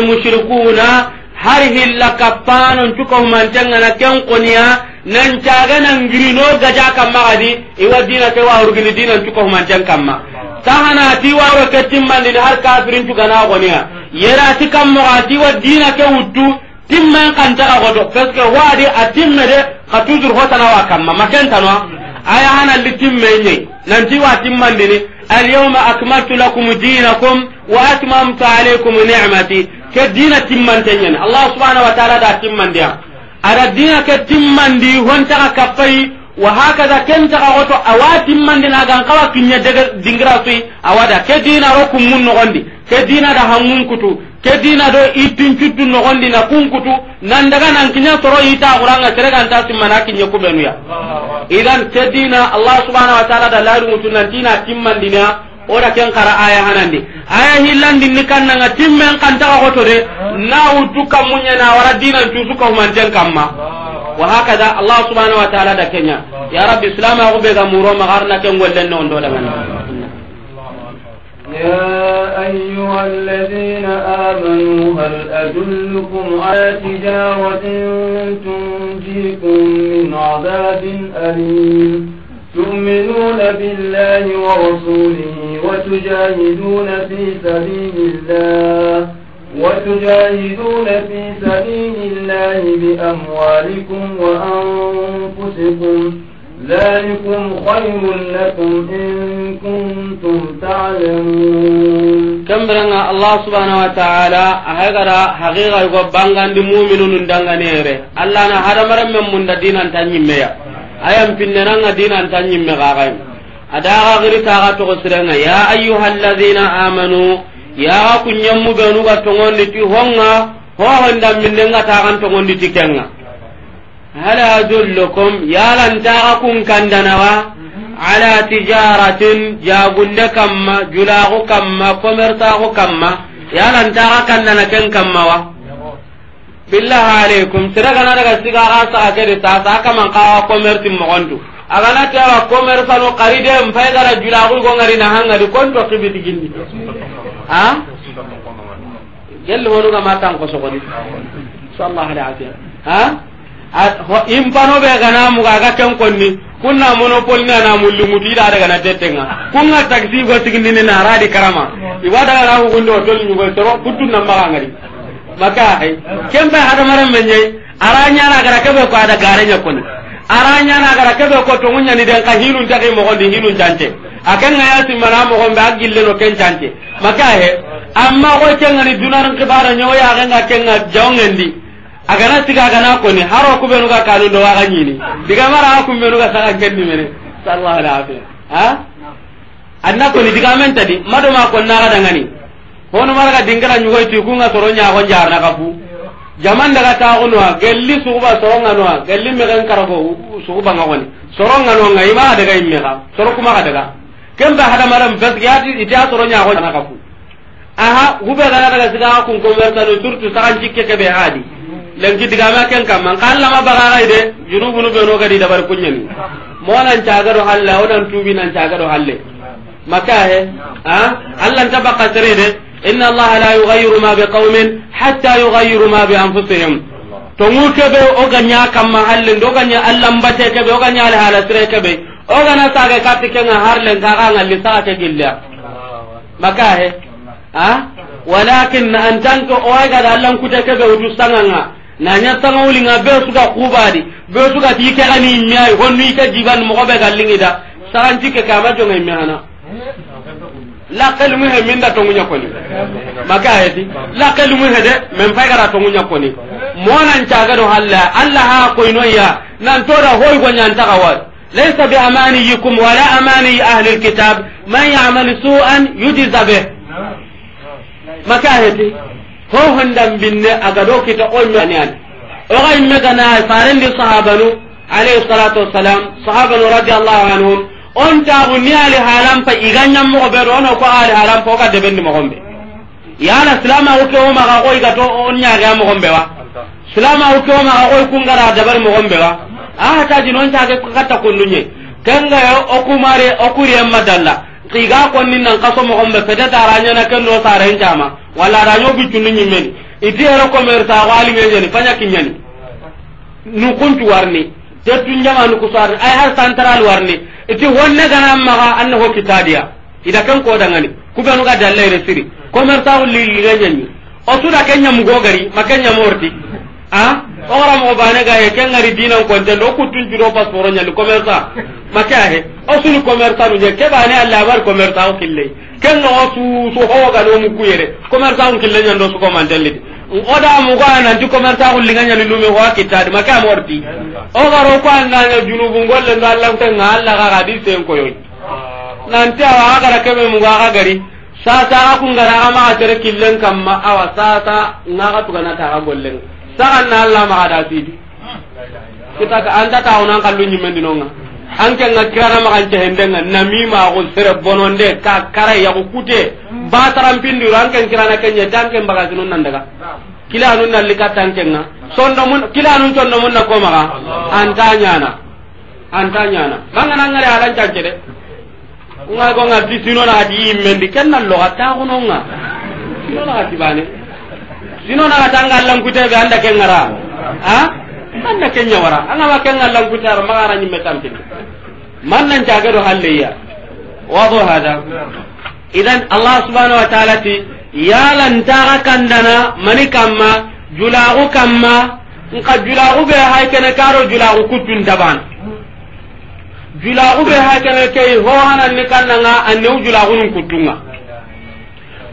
mushrikuuna har hilla kappano ncuko mantenga na ken konia nan caga nan girino gaja kamma iwa dina dina kamma tahana ti har kafirin konia wa dina ke wuttu nan ta godo parce que a timme de ka tuzur hotana wa kamma makenta no aya hana timme nye nan ti wa timmandini al yawma akmaltu lakum dinakum wa atmamtu alaykum ni'mati ke dina timmantenyen allah subhanahu wa ta'ala da timmandiya ada dina ke timmandi honta ka kapai wa hakaza kenta ka goto awati mandi na gan kawa kinya daga dingira sui awada ke dina ro kumun no gondi ke dina da hangun kutu ke dina do itin cuttu nogondi na kunkutu nan daga nan kinya toro ita qur'anga tere kan ta simmana kinya kubenu ya idan ke dina allah subhanahu wa ta'ala da laru mutunan dina timman dina oda ken kara aya hanandi aya hillandi ni ta timmen kantaka hotode na wutu kammunya na wara dina cusu ka humanten kamma wa hakada allah subhanahu wa ta'ala da kenya ya rabbi islam ya be ga muro magarna ken gollen no ndo daga ni يا أيها الذين آمنوا هل أدلكم على تجارة تنجيكم من عذاب أليم تؤمنون بالله ورسوله وتجاهدون في سبيل الله وتجاهدون في سبيل الله بأموالكم وأنفسكم ذلكم خير لكم إن كنتم تعلمون كم برنا الله سبحانه وتعالى هجرا حقيقة يقبان عند مؤمنون دعانيره الله أنا هذا مرة من من الدين أن تنيميا أيام فينا الدين أن تنيميا غايم أدعى غير تاغت غسرنا يا أيها الذين آمنوا يا كن يمو بنو غتغون لتي هونا هو هندم من نعتا غن تغون لتي كنا هل أدلكم يا لن تاكم كندنوا على تجارة جابن كما جلاغ كما فمرتاغ كما يا لن تاكم كن كما billahi alaikum sira gana daga siga ga saka kede ta sa kama kawa commerce mo gondu agana tawa commerce impano be gana muga ga ken konni kunna monopole na na mulu mutu da daga na tetenga kunna taxi go sigindi ni na radi karama wada ga ko gundo tol go toro puttu na ma ngari maka hay ba hada maram menye aranya na gara kebe ko ada garanya kunni aranya na gara kebe ko to munya ni den ka hinun ke mo gondi hinun jante akan yasi simana mo gombe agille no ken jante maka ai amma ko kenga ni dunaran kibara nyoya ga ga jongendi agana tiga agana ni haro ku benu ga kanu do waga nyini diga mara ku benu ga saka kenni mere sallallahu alaihi wasallam ha anna ni diga men tadi mado ma kon naga dangani hono mara ga dingara nyugo itu ku nga soro nyago jarna kabu jaman daga ta no gelli suba soro no gelli me kan karago suba ngoni soro no ngai ma daga imme ka soro ma ka daga ba hada maram bas di ita soro nyago jarna kabu aha hube daga daga siga ko ko werta no turtu sakan jikke ke be hadi lenki ma ken kam nka kala ma bagaxay de junubunu ɓeno gadi mo kuñeni monan cagado halle onan tubi nan cagado halle maka he a allah ta baka sere de inna allah la yughayyiru ma qaumin hatta yughayyiru ma bianfusihim tongu be o gaña kamma hallende o mbate ke be o hala alhala ke be o gana sage katti kenga ga ga ngalli saxa ke gilla maka he a walakin tanko o ay gada allankute keɓe utu sanganga nanya sangawulinga be suga kubadi be suga ti ke ani miyai honnu ike jiban mo be gallingi da saranti ke kama jonga miyana la kalu mu he min da tongunya koni maka hedi la kalu mu de men fay gara tongunya koni mo nan caga do halla alla ha ko ya nan to da hoy go nyanta kawai laysa bi amaniyikum wala amani ahli alkitab man ya'mal su'an yujza bih maka hedi ho hondan binne aga do kita o manian o ga imme gana e faran di sahabanu alayhi salatu wassalam sahabanu radiyallahu anhum on ta ni ali haram pa iganyam mo be rono ko ali haram po ka deben mo gombe yana salama o ke o ma ga ko iga to on nya ga mo wa salama o ke o ma ga ko kungara dabar mo wa a ta jinon ta ga ko kata kundunye kanga o kumare o kuriyam madalla tiga konni nan kaso mo gombe fede taranya na kendo sare jama wala ranyo tunni nyimmen iti era komer sa wali ni fanya kinyani nu kuntu warni tun jama nu kusar ay har santral warni iti wonne gana ma anna ho kitadiya ida kan ko dangani no ga dalle siri. komer sa wali ni o suda kenya gogari makenya morti ah ogara mogo bane ga he ken ngari dinan konten do kutun juro passeport nyali ma ke ahe o suni commerçant no je ke bane alla bar commerçant o kille ken no su su ho ga do mu kuyere commerçant o kille nyando su ko mandelli o da mu ga nan ju commerçant o linga nyali lumi ho akitadi make amorti o garo ko an na junubu ngolle ndo alla ko ngalla ga ga dise en ko yoy nanti awa agara kebe mu ga ga gari ma akungara ama atere killen kamma awa tu ga na ta ga gollen sagan na Allah maka da sidi kita ka anta ta onan kallu nyimen dinonga anke nga kirana maka ce hendenga namima ko sere bononde ka kare ya ko kute ba taram pindu anke kirana kenya tanke mbaga sinun nan daga kila nun nalli katanke nga sondo mun kila nun sondo mun na ko maka antanya na nya na mangana ngare alan tanke de nga ko nga tisino na di mendi kenna lo ta ko nga sino na ti bane sino na ta nga lan kute be anda ken ngara ha anda ken nyawara anga ma ken lan kute ar magara metam tin man nan jaga do halleya wadu hada idan allah subhanahu wa ta'ala ti ya lan ta kandana mani kamma julagu kamma nka julagu be hay kene karo julagu kutun daban julagu be hay ken ke ho hanan ni kannanga anne julagu nun kutunga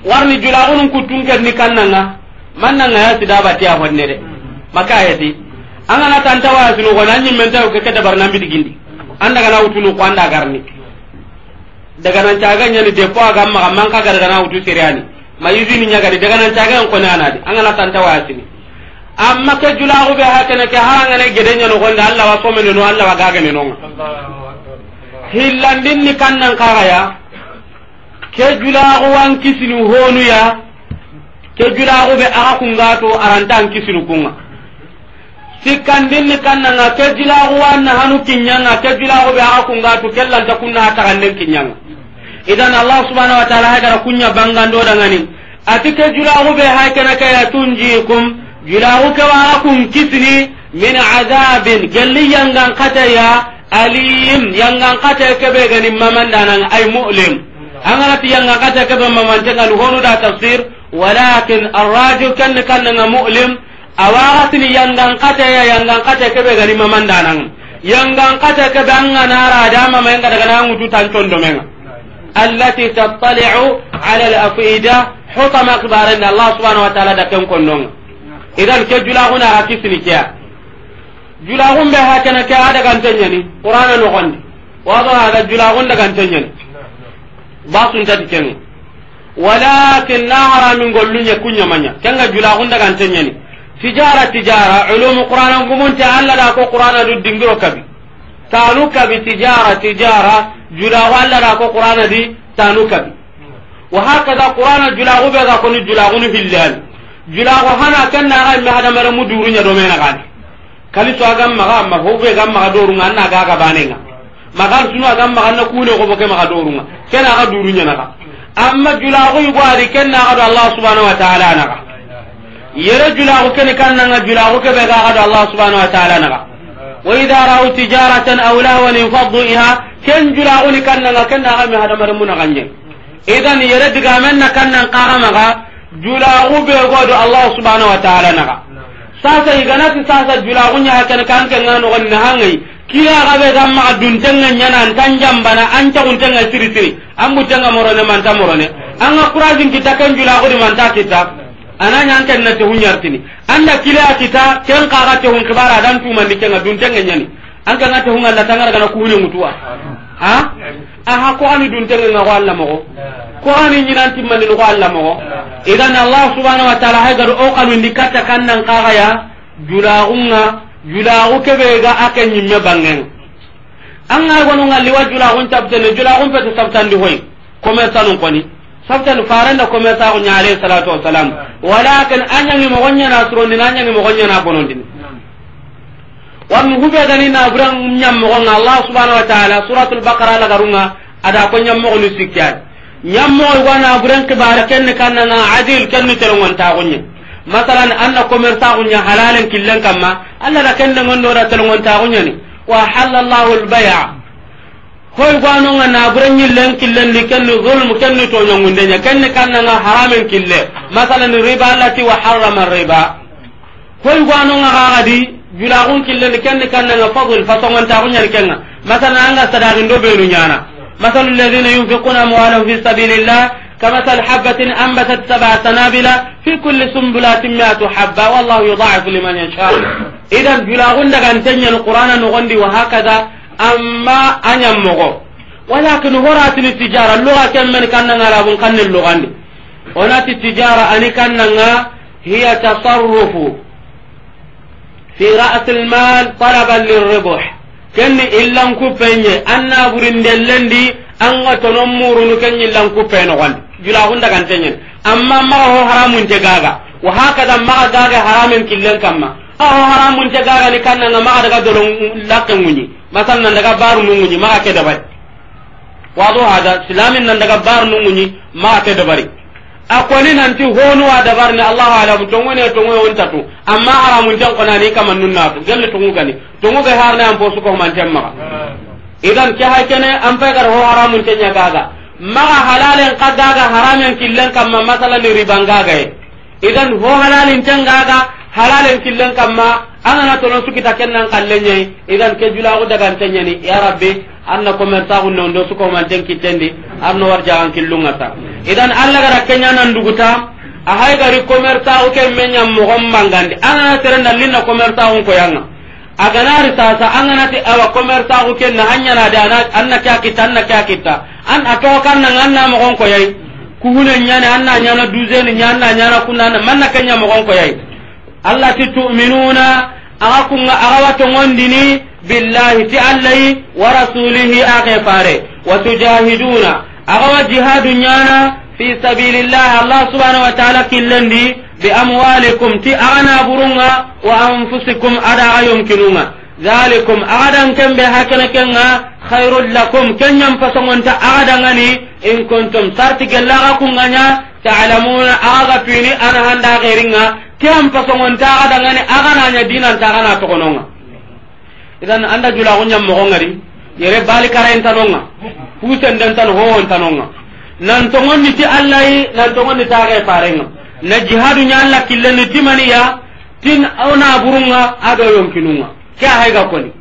warni julagu nun kutun ken ni nga. man nan ngaya sida bati a honne de maka ayati angana tanta wa sunu ko nan men taw ke kada barna bi digindi anda kana utunu ko anda garni daga nan caga nyani de po aga ma man ka gara na utu seriani ma ni nyaga de daga nan caga ko na nana de angana tanta wa sini amma ke jula ko be hakana ke haranga ne gede nyano ko nda Allah wa ko men no Allah wa gaga ne no hillandin ni kannan kaya ke jula ko wan kisinu honu ya ke julaxuɓe axa kungato arantan kisinu kunga sikkandinni kannanga ke hanu ke axa kungatu ke lanta idan allah subhanau wa taala kunya bangandodangani ati ke julaxuɓe ha kena ke yatunjikum julaxu ke waxa kun kisini min adabin gelli yangan alim yangan gani mamandananga ay mulim anganati yangan kataya honu da tafsir walakin arraju kan kan nga mu'lim awagatini yangan kate ya yangan kata kebe gari mamandanang yangan na kebe anga nara kada kana ngutu nangutu tancondo menga allati tattali'u ala al-afida hutama akbarin Allah subhanahu wa ta'ala da kan kondong idan ke jula julaguna akisini kiya hun be hakana ke ada kan tenyani qur'ana no gondi wado ada julagun daga tenyani basun ta dikeni walakin na haramin gollunya kunya manya kenga jula hunda kan tenyani tijara tijara ulum qur'ana gumunta alla da ko qur'ana du dingiro kabi tanu kabi tijara tijara jula walla da ko qur'ana di tanu kabi wa hakaza qur'ana jula go ga ko ni jula go ni hillal jula go hana kan na ga mi hada mara mudurunya do mena kan kali ma ho be gam ga ga banenga maga sunu agam maga na kune go boke maga doru nga kena ga durunya na ka amma julaxuy goadi ken naxado allah subhanau wa taala naxa yere julaxu keni kan nanga julaxu keɓe gaxado allah subhanau wa taala naxa wa ida rau tijaratan aw lahwan infadu iha ken julaxuni kan nanga ken naxame hadamarenmu naxanje idan yere digamen na kan nan kaxamaxa julaxu ɓe goodo allah subhanau wa taala naxa sasa iganati sasa julaxu ñaha kene kan kenga noxonni naxangay kiyaxaɓe gan maxa duntenga ñana jamba jambana an caxuntenga siri siri an tanga morone manta morone an ga kurajin kita kan jula ko di manta kita ananya an kan na te tini anda kila kita ken kaga te hun kibara dan tu man dikenga dun tanga nyani an kan te hun Allah tangara kana kuhuni mutua ha aha ko ani dun tanga ngawa Allah mo ko ani nyinan timmani ko Allah mo idan Allah subhanahu wa ta'ala hay garu o kata kan nan kaga ya jula gunga jula ko kebe ga akan me bangeng an ga gonu ngalli wa jula gun tabta ne jula gun pete sabtan di hoy kome salun koni sabtan faranda kome sa on nyaale salatu wassalam walakin anyangi mo gonya na suron ni anyangi mo gonya na bonon din warni hube dani na buran nyam mo gonga allah subhanahu wa ta'ala suratul baqara la garunga ada ko nyam mo ni sikyan nyam mo wana buran kibara ken kanna na adil ken ni telon ta gonya masalan anna on gunya halalen killen kamma alla da kende ngondo da telon ta gunya ni wa halala Allahu koy gwano nga na buran yillen killen ni ken zulm to nya kan kille masalan riba allati wa harrama riba koy gadi kan fadl ta masalan anga nyana masalan alladhina yunfiquna amwalahum fi sabilillah كمثل حبة أنبتت سبع سنابل في كل سنبلة مئة حبة والله يضاعف لمن يشاء إذا بلا غندك أن تنيا القرآن نغندي وهكذا أما أن يمغو ولكن هرات التجارة اللغة كم من كان نغرابون كان اللغة ونات التجارة أني كان هي تصرف في رأس المال طلبا للربح كن إلا نكوبيني أنا برندلندي أنا تنمورن نكني إلا نكوبيني jula hunda kan tenyen amma ma ho haramun te gaga wa da ma gaga haramun killen kamma ho haramun te gaga ni kan na ma daga dolon lakke munyi masal nan daga baru munyi ma ke dabari wado hada silamin nan daga baru munyi ma ke dabari nan nanti honu wa dabar ni allah ala mun tongo ne tongo won tatu amma haramun te kona ni kaman nun na to gelle tongo gani tongo ga na am posu ko man tan ma eh. idan ke ha kene am fa gar ho haramun te nya gaga maga halalen kagaga haramen killen kamma masalan ribangaga idan ho halalin tangaga halalen killen kamma angana tonon sukita kennan kallenye idan ke jula julagu daga tanyani ya rabbi anna komerta gun nondo suko man ten kitendi arno warja an killunga ta idan alla gara kenya nan duguta a hay gari komerta o ke menya mo gomman gandi angana terenda linna komerta on ko yanga aganari sasa ti awa commerçaku kenna ken na ke a da anna na kya kita an a toho na anna mogon koyay kuhune na anna ñana duzeni na anna ñana kunna anna manna kenya ko koyay allah ti tuminuna aga kunga aga wa tongondini billahi ti allahi wa rasulihi ake fare wa tujahiduna aga wa jihadu na fi sabilillah allah subhanahu wa taala lendi. bi amwalikum ti ana burunga wa anfusikum ada ayumkinunga zalikum adan kembe hakana kenga khairul lakum kenyam fasamanta adangani in kuntum sarti gelaga kunganya ta'lamuna aga fini ana handa geringa kiyam fasamanta adangani agananya dinan tagana tokononga idan anda jula kunyam mogongari yere bali karain tanonga husen dan tan hoon tanonga nan tongon ni ti allahi nan tongon ni tagay parenga na jihadu nya alla killani timaniya tin awna burunga ado yonkinunga ke hay ga koni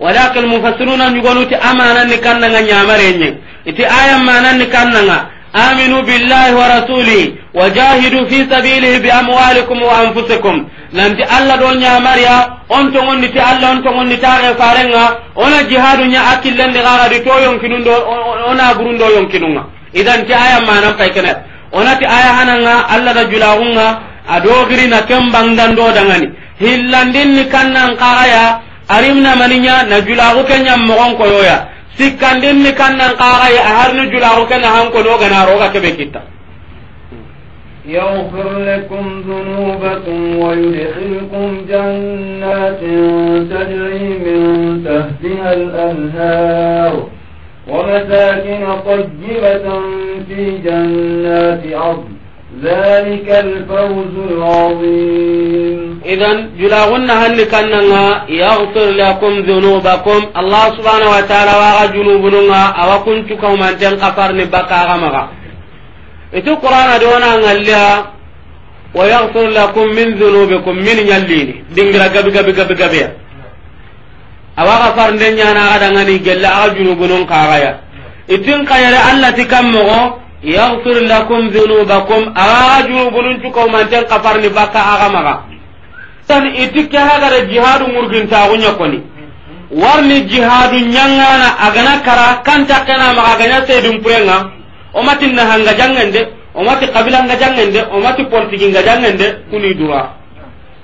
walakin mufassiruna nyugonuti amana ni kanna nga kannanga nyamarenye iti aya mananni kannanga آمنوا بالله ورسوله وجاهدوا في سبيله بأموالكم وأنفسكم nanti allah do ñamariya on ti allah on togonni taxe farenga ona jihadu nya ña a killendi xaxadi to yonkinundo ona gurundo yonkinunga idan ti aya manan pay kene onati aya hananga alla da julagunga ado girina dan do dangani hillandin ni kannan qaraya arimna maninya na julagu kenya mogon koyoya Sikandin ni kannan qaraya aharnu julagu kenna hanko do gana roga kebe يغفر ومساكن طيبة في جنات عظم ذلك الفوز العظيم إذا جلاغن هل كننا يغفر لكم ذنوبكم الله سبحانه وتعالى وغا جنوبنا أو كنت كوما تنقفر نبقى غمغا إتو قرآن دونا نغليها ويغفر لكم من ذنوبكم من يليني دنجرا قبي قبي قبي قبي, قبي. awa ga farnde nyana ada ngani gella aga junubunun kagaya itin kayare allah tikam mo yaghfir lakum dhunubakum aga junubunun cukomanten kafarni baka aga maga tan iti ke hagara jihadu murgin ta murgintagunya koni warni jihadu nyangana agana kara kanta kena maga ganya te dum aganya sedum purenga omati nahanga jangende mati kabila nga jangende omati politiki nga jangende kuni dura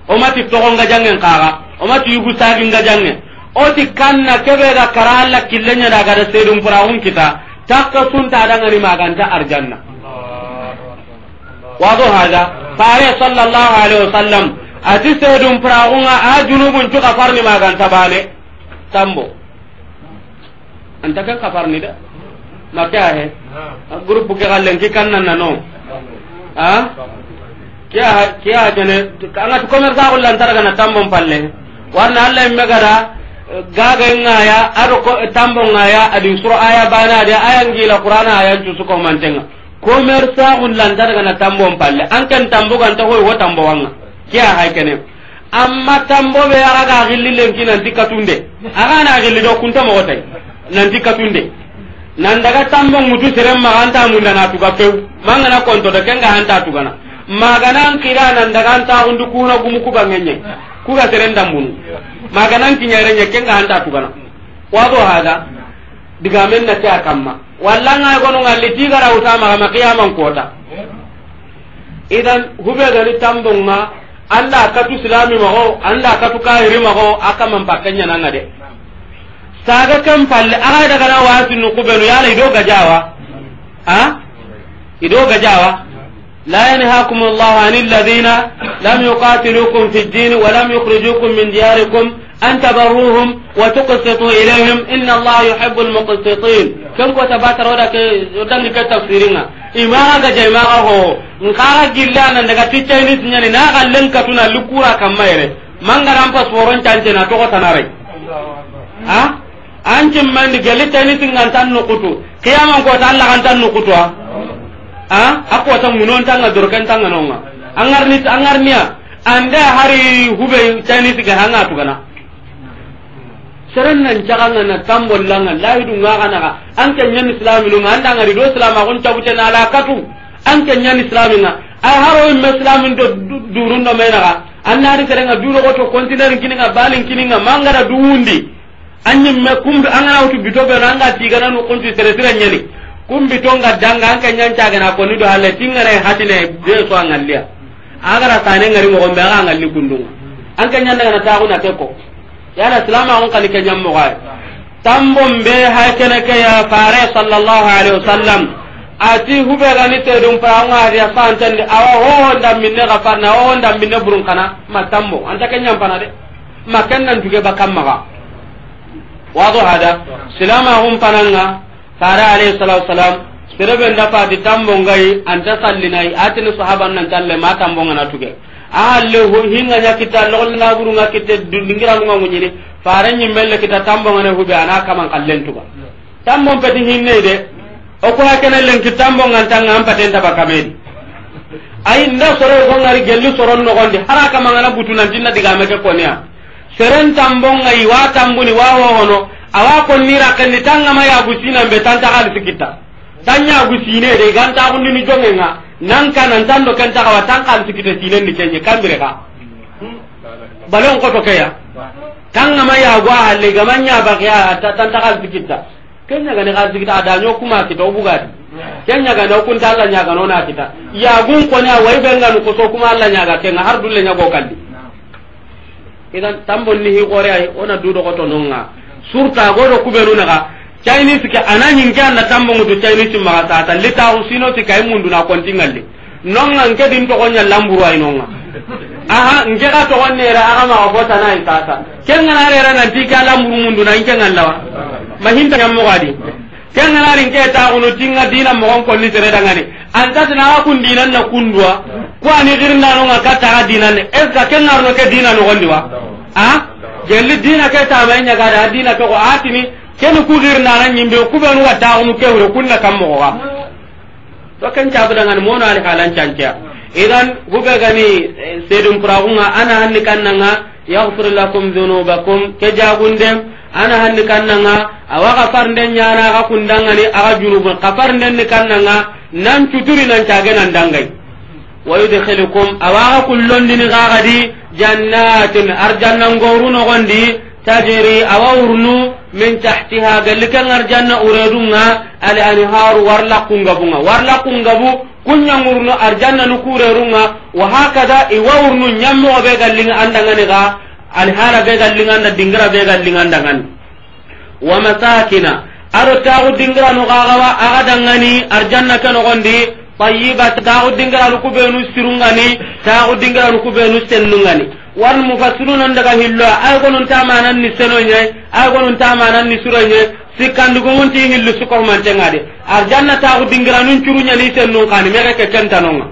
o mati tokonga jangen kara o mati sagi nga jangen oti kanna kebe da kara alla killenya da ga da sedum furahun kita takka sun ta da ngani maganta arjanna wado hada fare sallallahu alaihi wasallam ati sedum furahun a junubun tuka farni maganta bane tambo anta kan kafarni da maka he groupe ke gallen ki kanna nano ha kiya kiya jene kanga to commerce a ullantara kana tambon palle warna allah megara gaga ngaya ado ko tambo ngaya adi sura aya bana de aya ngila qur'ana aya tusu ko mantenga ko mer sa gullan daga na tambo palle an kan tambo kan to ho tambo wanga kya hay kene amma tambo be araga gilli len kinan dikatunde aga na gilli do kunta mo tay nan dikatunde nan daga tambo mutu serem ma anta mun na tuga pe manga na konto de kenga anta tuga na maganan kiranan daga ta undu kuna gumu ku bangenye ku ga serenda mun maganan kinyarenye kenga hanta tu bana wado hada diga men na ta kamma wallanga gonu ngalli tigara utama kama qiyamang kota idan hube gani tambunga anda katu silami mago anda katu kahiri mago aka mampakanya nanga de saga kan palle aga daga na wasu nukubenu yala ido gajawa ha ido gajawa لا ينهاكم الله عن الذين لم يقاتلوكم في الدين ولم يخرجوكم من دياركم أن تبروهم وتقسطوا إليهم إن الله يحب المقسطين كم كتبات رودك ودنك كتفسيرنا إما هذا جاي ما هو نخاها جلا نندك تيجي نتنيني ناقل لنك تنا لكورا كم ميري من غرام فسورون تانتنا توقو تناري ها أنت من جلتني تنغان تنو قطو قياما قوة الله غان تنو قطوها a akwata munon tanga dorkan tanga nonga angarni angarniya anda hari hube hanga seren nan jaganga na tambol langa ngari do islam nga haro im do durun do mena anna duro goto kininga balin kininga mangara duundi anyim me kumbe angana utu bitobe ranga tigana no nyeli kumbi tonga janga anke nyancha gena ko nido do halle tingare hatine de so angalia agara tane ngari mo gombe aga ngalli kundunga anke nyanda gena ta na teko yala salama on kali ke mo gaay tambo mbe ha kene ke ya fare sallallahu alaihi wasallam ati hube ga ni te dum pa nga dia ya de awa ho nda minne ga parna ho nda minne burun kana matambo anta ke nyam pana de makan nan duge bakam maga wado hada salama hum pananga fara alayhi salatu wasalam sereben di fati tambongai anta sallina sallinai atini sahaba nan talle ma tambonga na tuge alle ho hinga nya kita lol na buru nga kita dingira nga ngunyini fara melle kita tambonga ne hubi ana kaman kallen tuga tambon di hinne de o ko hakene len kitambo nganta ngam paten taba kamedi ay nda soro ko ngari gelu soro no gonde haraka mangana butu nan dinna diga meke konya seren tambo ngai wa tambuni wa wono awa konnira kenni tangama yagusinanɓe tantaxali sikitta tan gusine de jonge nga. nan kanan tan do kentaxawa tan xali sikita sinenni kenñe kambire xa balen koto keya tangama yagu a halle gama ñabaxea tantaxali sikitta kenyagani xa sigita a daño kuma kita o bugadi kenyagani o kunta allah ñaganona kita yagun koni a way ko so kuma allah ñaga kenga har dulle ñago kandi idan tambonni hi xore ay ona duɗoxotononga surta godo kubenu naga chinese ke anahin ke anna tambo ngutu chinese ma tata lita usino ti kay mundu na kontingalle nonga nke din to gonya lamburu ay nonga aha nke ka to gonne ra aga ma bota na tata kenga na rera nan ti ka lamburu mundu na nke ngallawa mahinta nyammo gadi kenga na rin ke ta gono tinga dina mo gon kolli tere dangani anta tana ka kun dinan na kundwa ko ani girna nonga kata dinan eska kenga no ke dinan no gondiwa ah gelli dina ke tamai nyaga da dina ke ko atini ken ku gir na nan nyimbe ku be nu wata mu ke wuro kunna kam mo wa to ken ta bu dangan mono al halan cancia idan be gani eh, sedum prawunga ana hanni kannanga yaghfir lakum dhunubakum ke jagundem ana hanni kannanga awa gafarnden nyana ga kundangani aga junubun den ni kannanga nan cuturi nan cagenan dangai ويدخلكم أواغ كل دين غاغدي جنات أرجانا غورو نغندي تجري أوورنو من تحتها قال لك أرجانا أريدونا الأنهار ورلقون غبونا ورلقون غبو kun ñangurno arjanna nu kurerunga wa hakada iwawurnu ñammoxo ɓe gallinga andangani xa alhala ɓe gallinga anda dingira ɓe gallinga andangani wa masakina aɗo dangani arjanna tayyibat taxu dingiranu kubenu sirungani taxu dingiranu kubenu sennungani warni mufassiruna ndaga hilloa ay gonun tamananni ni ay gonun tamananni suroñe sikkandigungunti hillu sukohumantengadi arjanna taxu dingiranun curuñani sennun kani mexe ke kentanonga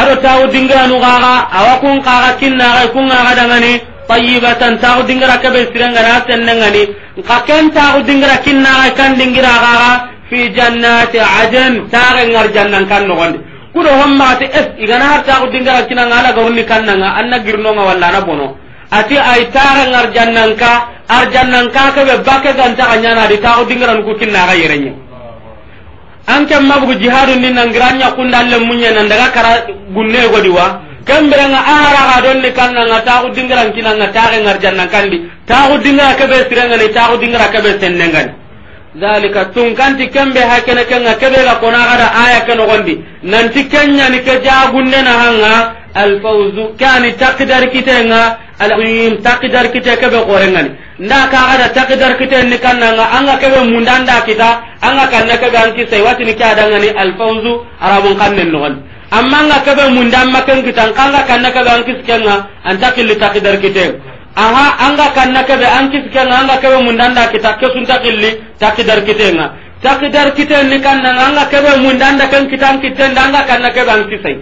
aɗo taxu nu xaxa awa kun xaxa kinnaxay kun xaxa dangani tayyibatan dingira keɓe sirengani a sennengani nka ken taxu dingira kinnaxay kan dingira xaxa fi jannati adn tare ngar jannan kan nogondi kudo hommaati es igana har taku dingara kinanga ala garunni kannanga anna girnonga walla ana bono ati ay tare ngar jannan ka ar jannan ka kebe bake ganta anyana di taku dingara nuku kinna ga yerenya an kam mabugo jihadu ni nangiranya kundalle munya nan daga kara gunne godi wa kambere nga ara ga don ni kannanga taku dingara kinanga tare ngar jannan kan kandi taku dingara kebe sirengani taku dingara kebe sennengani zalika tun kanti kembe hakene kenga kebe la kona ada aya kano gondi nanti kenya ni ke jagunne na hanga alfawzu kani taqdar kitenga al azim taqdar kite kebe qorengani nda ka ada taqdar kite ni kananga anga kebe mundanda kita anga kanna kebe anki sai wati ni ka dangani al fawzu arabun kannen no gondi amma anga kebe mundamma kan kitan kanga kanna kebe anki skenga anta killi taqdar kitenga aha anga kanna kebe an ke anga kebe mundanda kita ke sunta killi taki dar kitenga taki dar ni kanna anga kebe mundanda kan kita an kitenda anga kanna kebe an kisai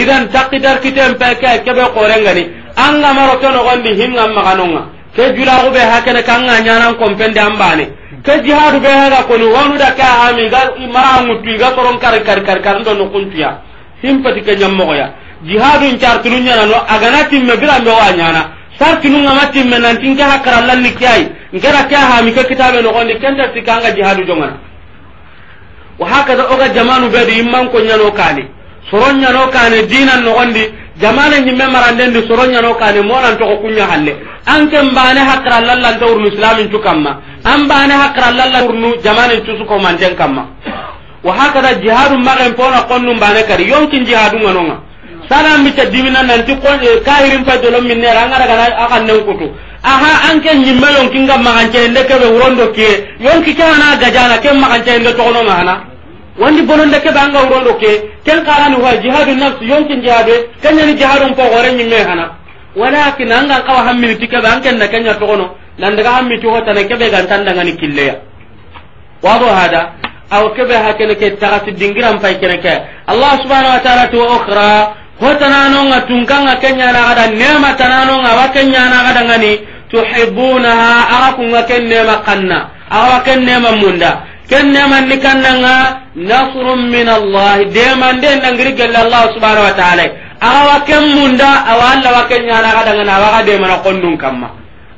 idan taki dar kiten pe ke kebe korengani anga maro to no gondi hinga maganonga ke jula ube hakene kanga nyanan kompende ambane ke jihadu be haga koni wanu da ka ami ga mara tu ga toron kar kar kar kar ndo no kuntiya simpati ke nyammo ya jihadu in me wa nyana sarti nun ga matin men nan tinka hakara lan ni kiyai ngara ke ha mi ka kitabe no gondi kenta sikanga jihadu jongana wa da oga jamanu di imman ko nyano kale soronya no kale dinan no gondi jamana me marande di soronya no mo ran to ko kunya halle an kan mbane hakara lallan lan tawur muslimin tu kamma an bane lan lallan nu jamana tu su ko manden kamma wa da jihadu magan pona konnu mbane kari yonkin jihadu nganonga sana mi ta dimina nan ti ko eh, kahirin fa dolom min ne ranga daga akan nan kutu aha an ken nyimme yon kinga magance ende kebe wurondo ke yon ki kana gajana ken magance ende to kono mana wandi de ke banga wurondo ke ken karani wa jihadun nafs yon kin jihadu ken ni jihadun ko gore nyimme hana walakin an kan kawa hammi ti kebe an ken na kenya to kono nan daga hammi to hota na gan tan daga ni kille ya wado hada aw kebe hakene ke tagasi dingiram pay kene ke allah subhanahu wa ta'ala to ukhra hotananonga tunkanga kenyanagada nema tananonga awa kenyanagadanngani tuhibunaha aga kunga ken nema kanna awa ken nema munda ken nemanni nga nasrun min allahi demande ndangiri gelle allah subhanahu wa taala awa ken munda awa allah wa kenyanagadanngani awaga demana kondun kamma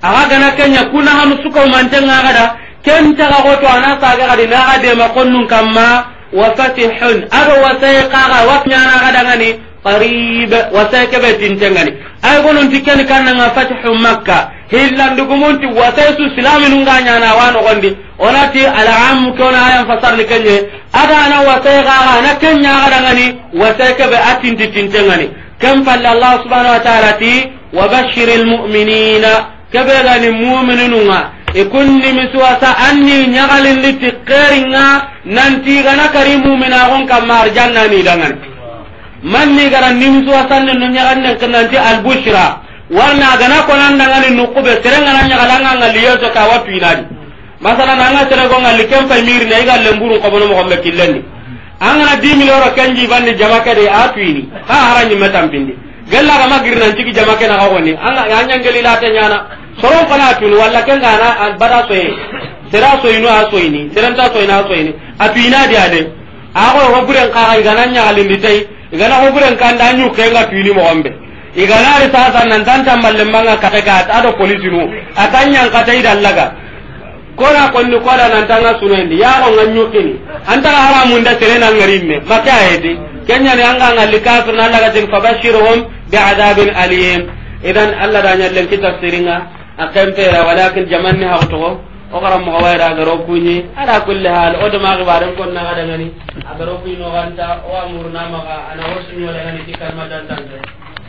awa gana kenya kuna hanu kada ken taga goto ana saga gadi naga dema konnun kamma wa fatihun wa wasaiqaga wa kenyanagadanngani qarib wasa kebe tintengani ay gonun tikani kannanga fathu makka hillandugumunti wasaisu silaminu nga ñana wa nogondi onati ala ke ona ayan fasarni kenye adana wasai gaga ana kenñagadangani wasai kebe a tinti tintengani ken palle allah subhanau wa taala ti wabashiri lmuminina kebe gani mumininunga ikunni misuwasa anni ñagalindi ti keringa nantigana kari muminagon kamma arjannani dangani man ni gara nimsu asanne no nyaga nan kananti al bushra warna gana ko nan nan ni nukube serenga nan nyaga langa ngaliyo to ka watu inadi masala nan ngata re gonga likem pa mir ne ga lemburu ko bono mo be killani angana 10 million ro kanji bandi jamaka de atuini ha haranyi metam bindi gella ga magir nan tigi jamaka na ko ni anga yanya ngeli lata nyana soro kana tuni walla kenga na bada so e sera so inu aso ini serenta so ina so ini atuina dia de ago ho buren ka ga nan nyaga lindi tay igana kan da nyu kenga tuini mo ambe igana ri sasa nan tan malle manga kata ka do polisi nu atanya kata ida laga kon ni koda nan ne sunendi ya ko nganyu kini anta mun da tere nan ma maka ede kenya ne anga ka kafir na laga tin fabashirhum adabin aliyin idan allah da nyallen ki tafsiringa akan tera walakin jamanni hawto o gara mo wayra garo kunyi ala kulli hal o dama ga baran kon na ga dangani agaro kunyi no ganta o amur amurna maga ana wasu nyola ngani tikal madan tande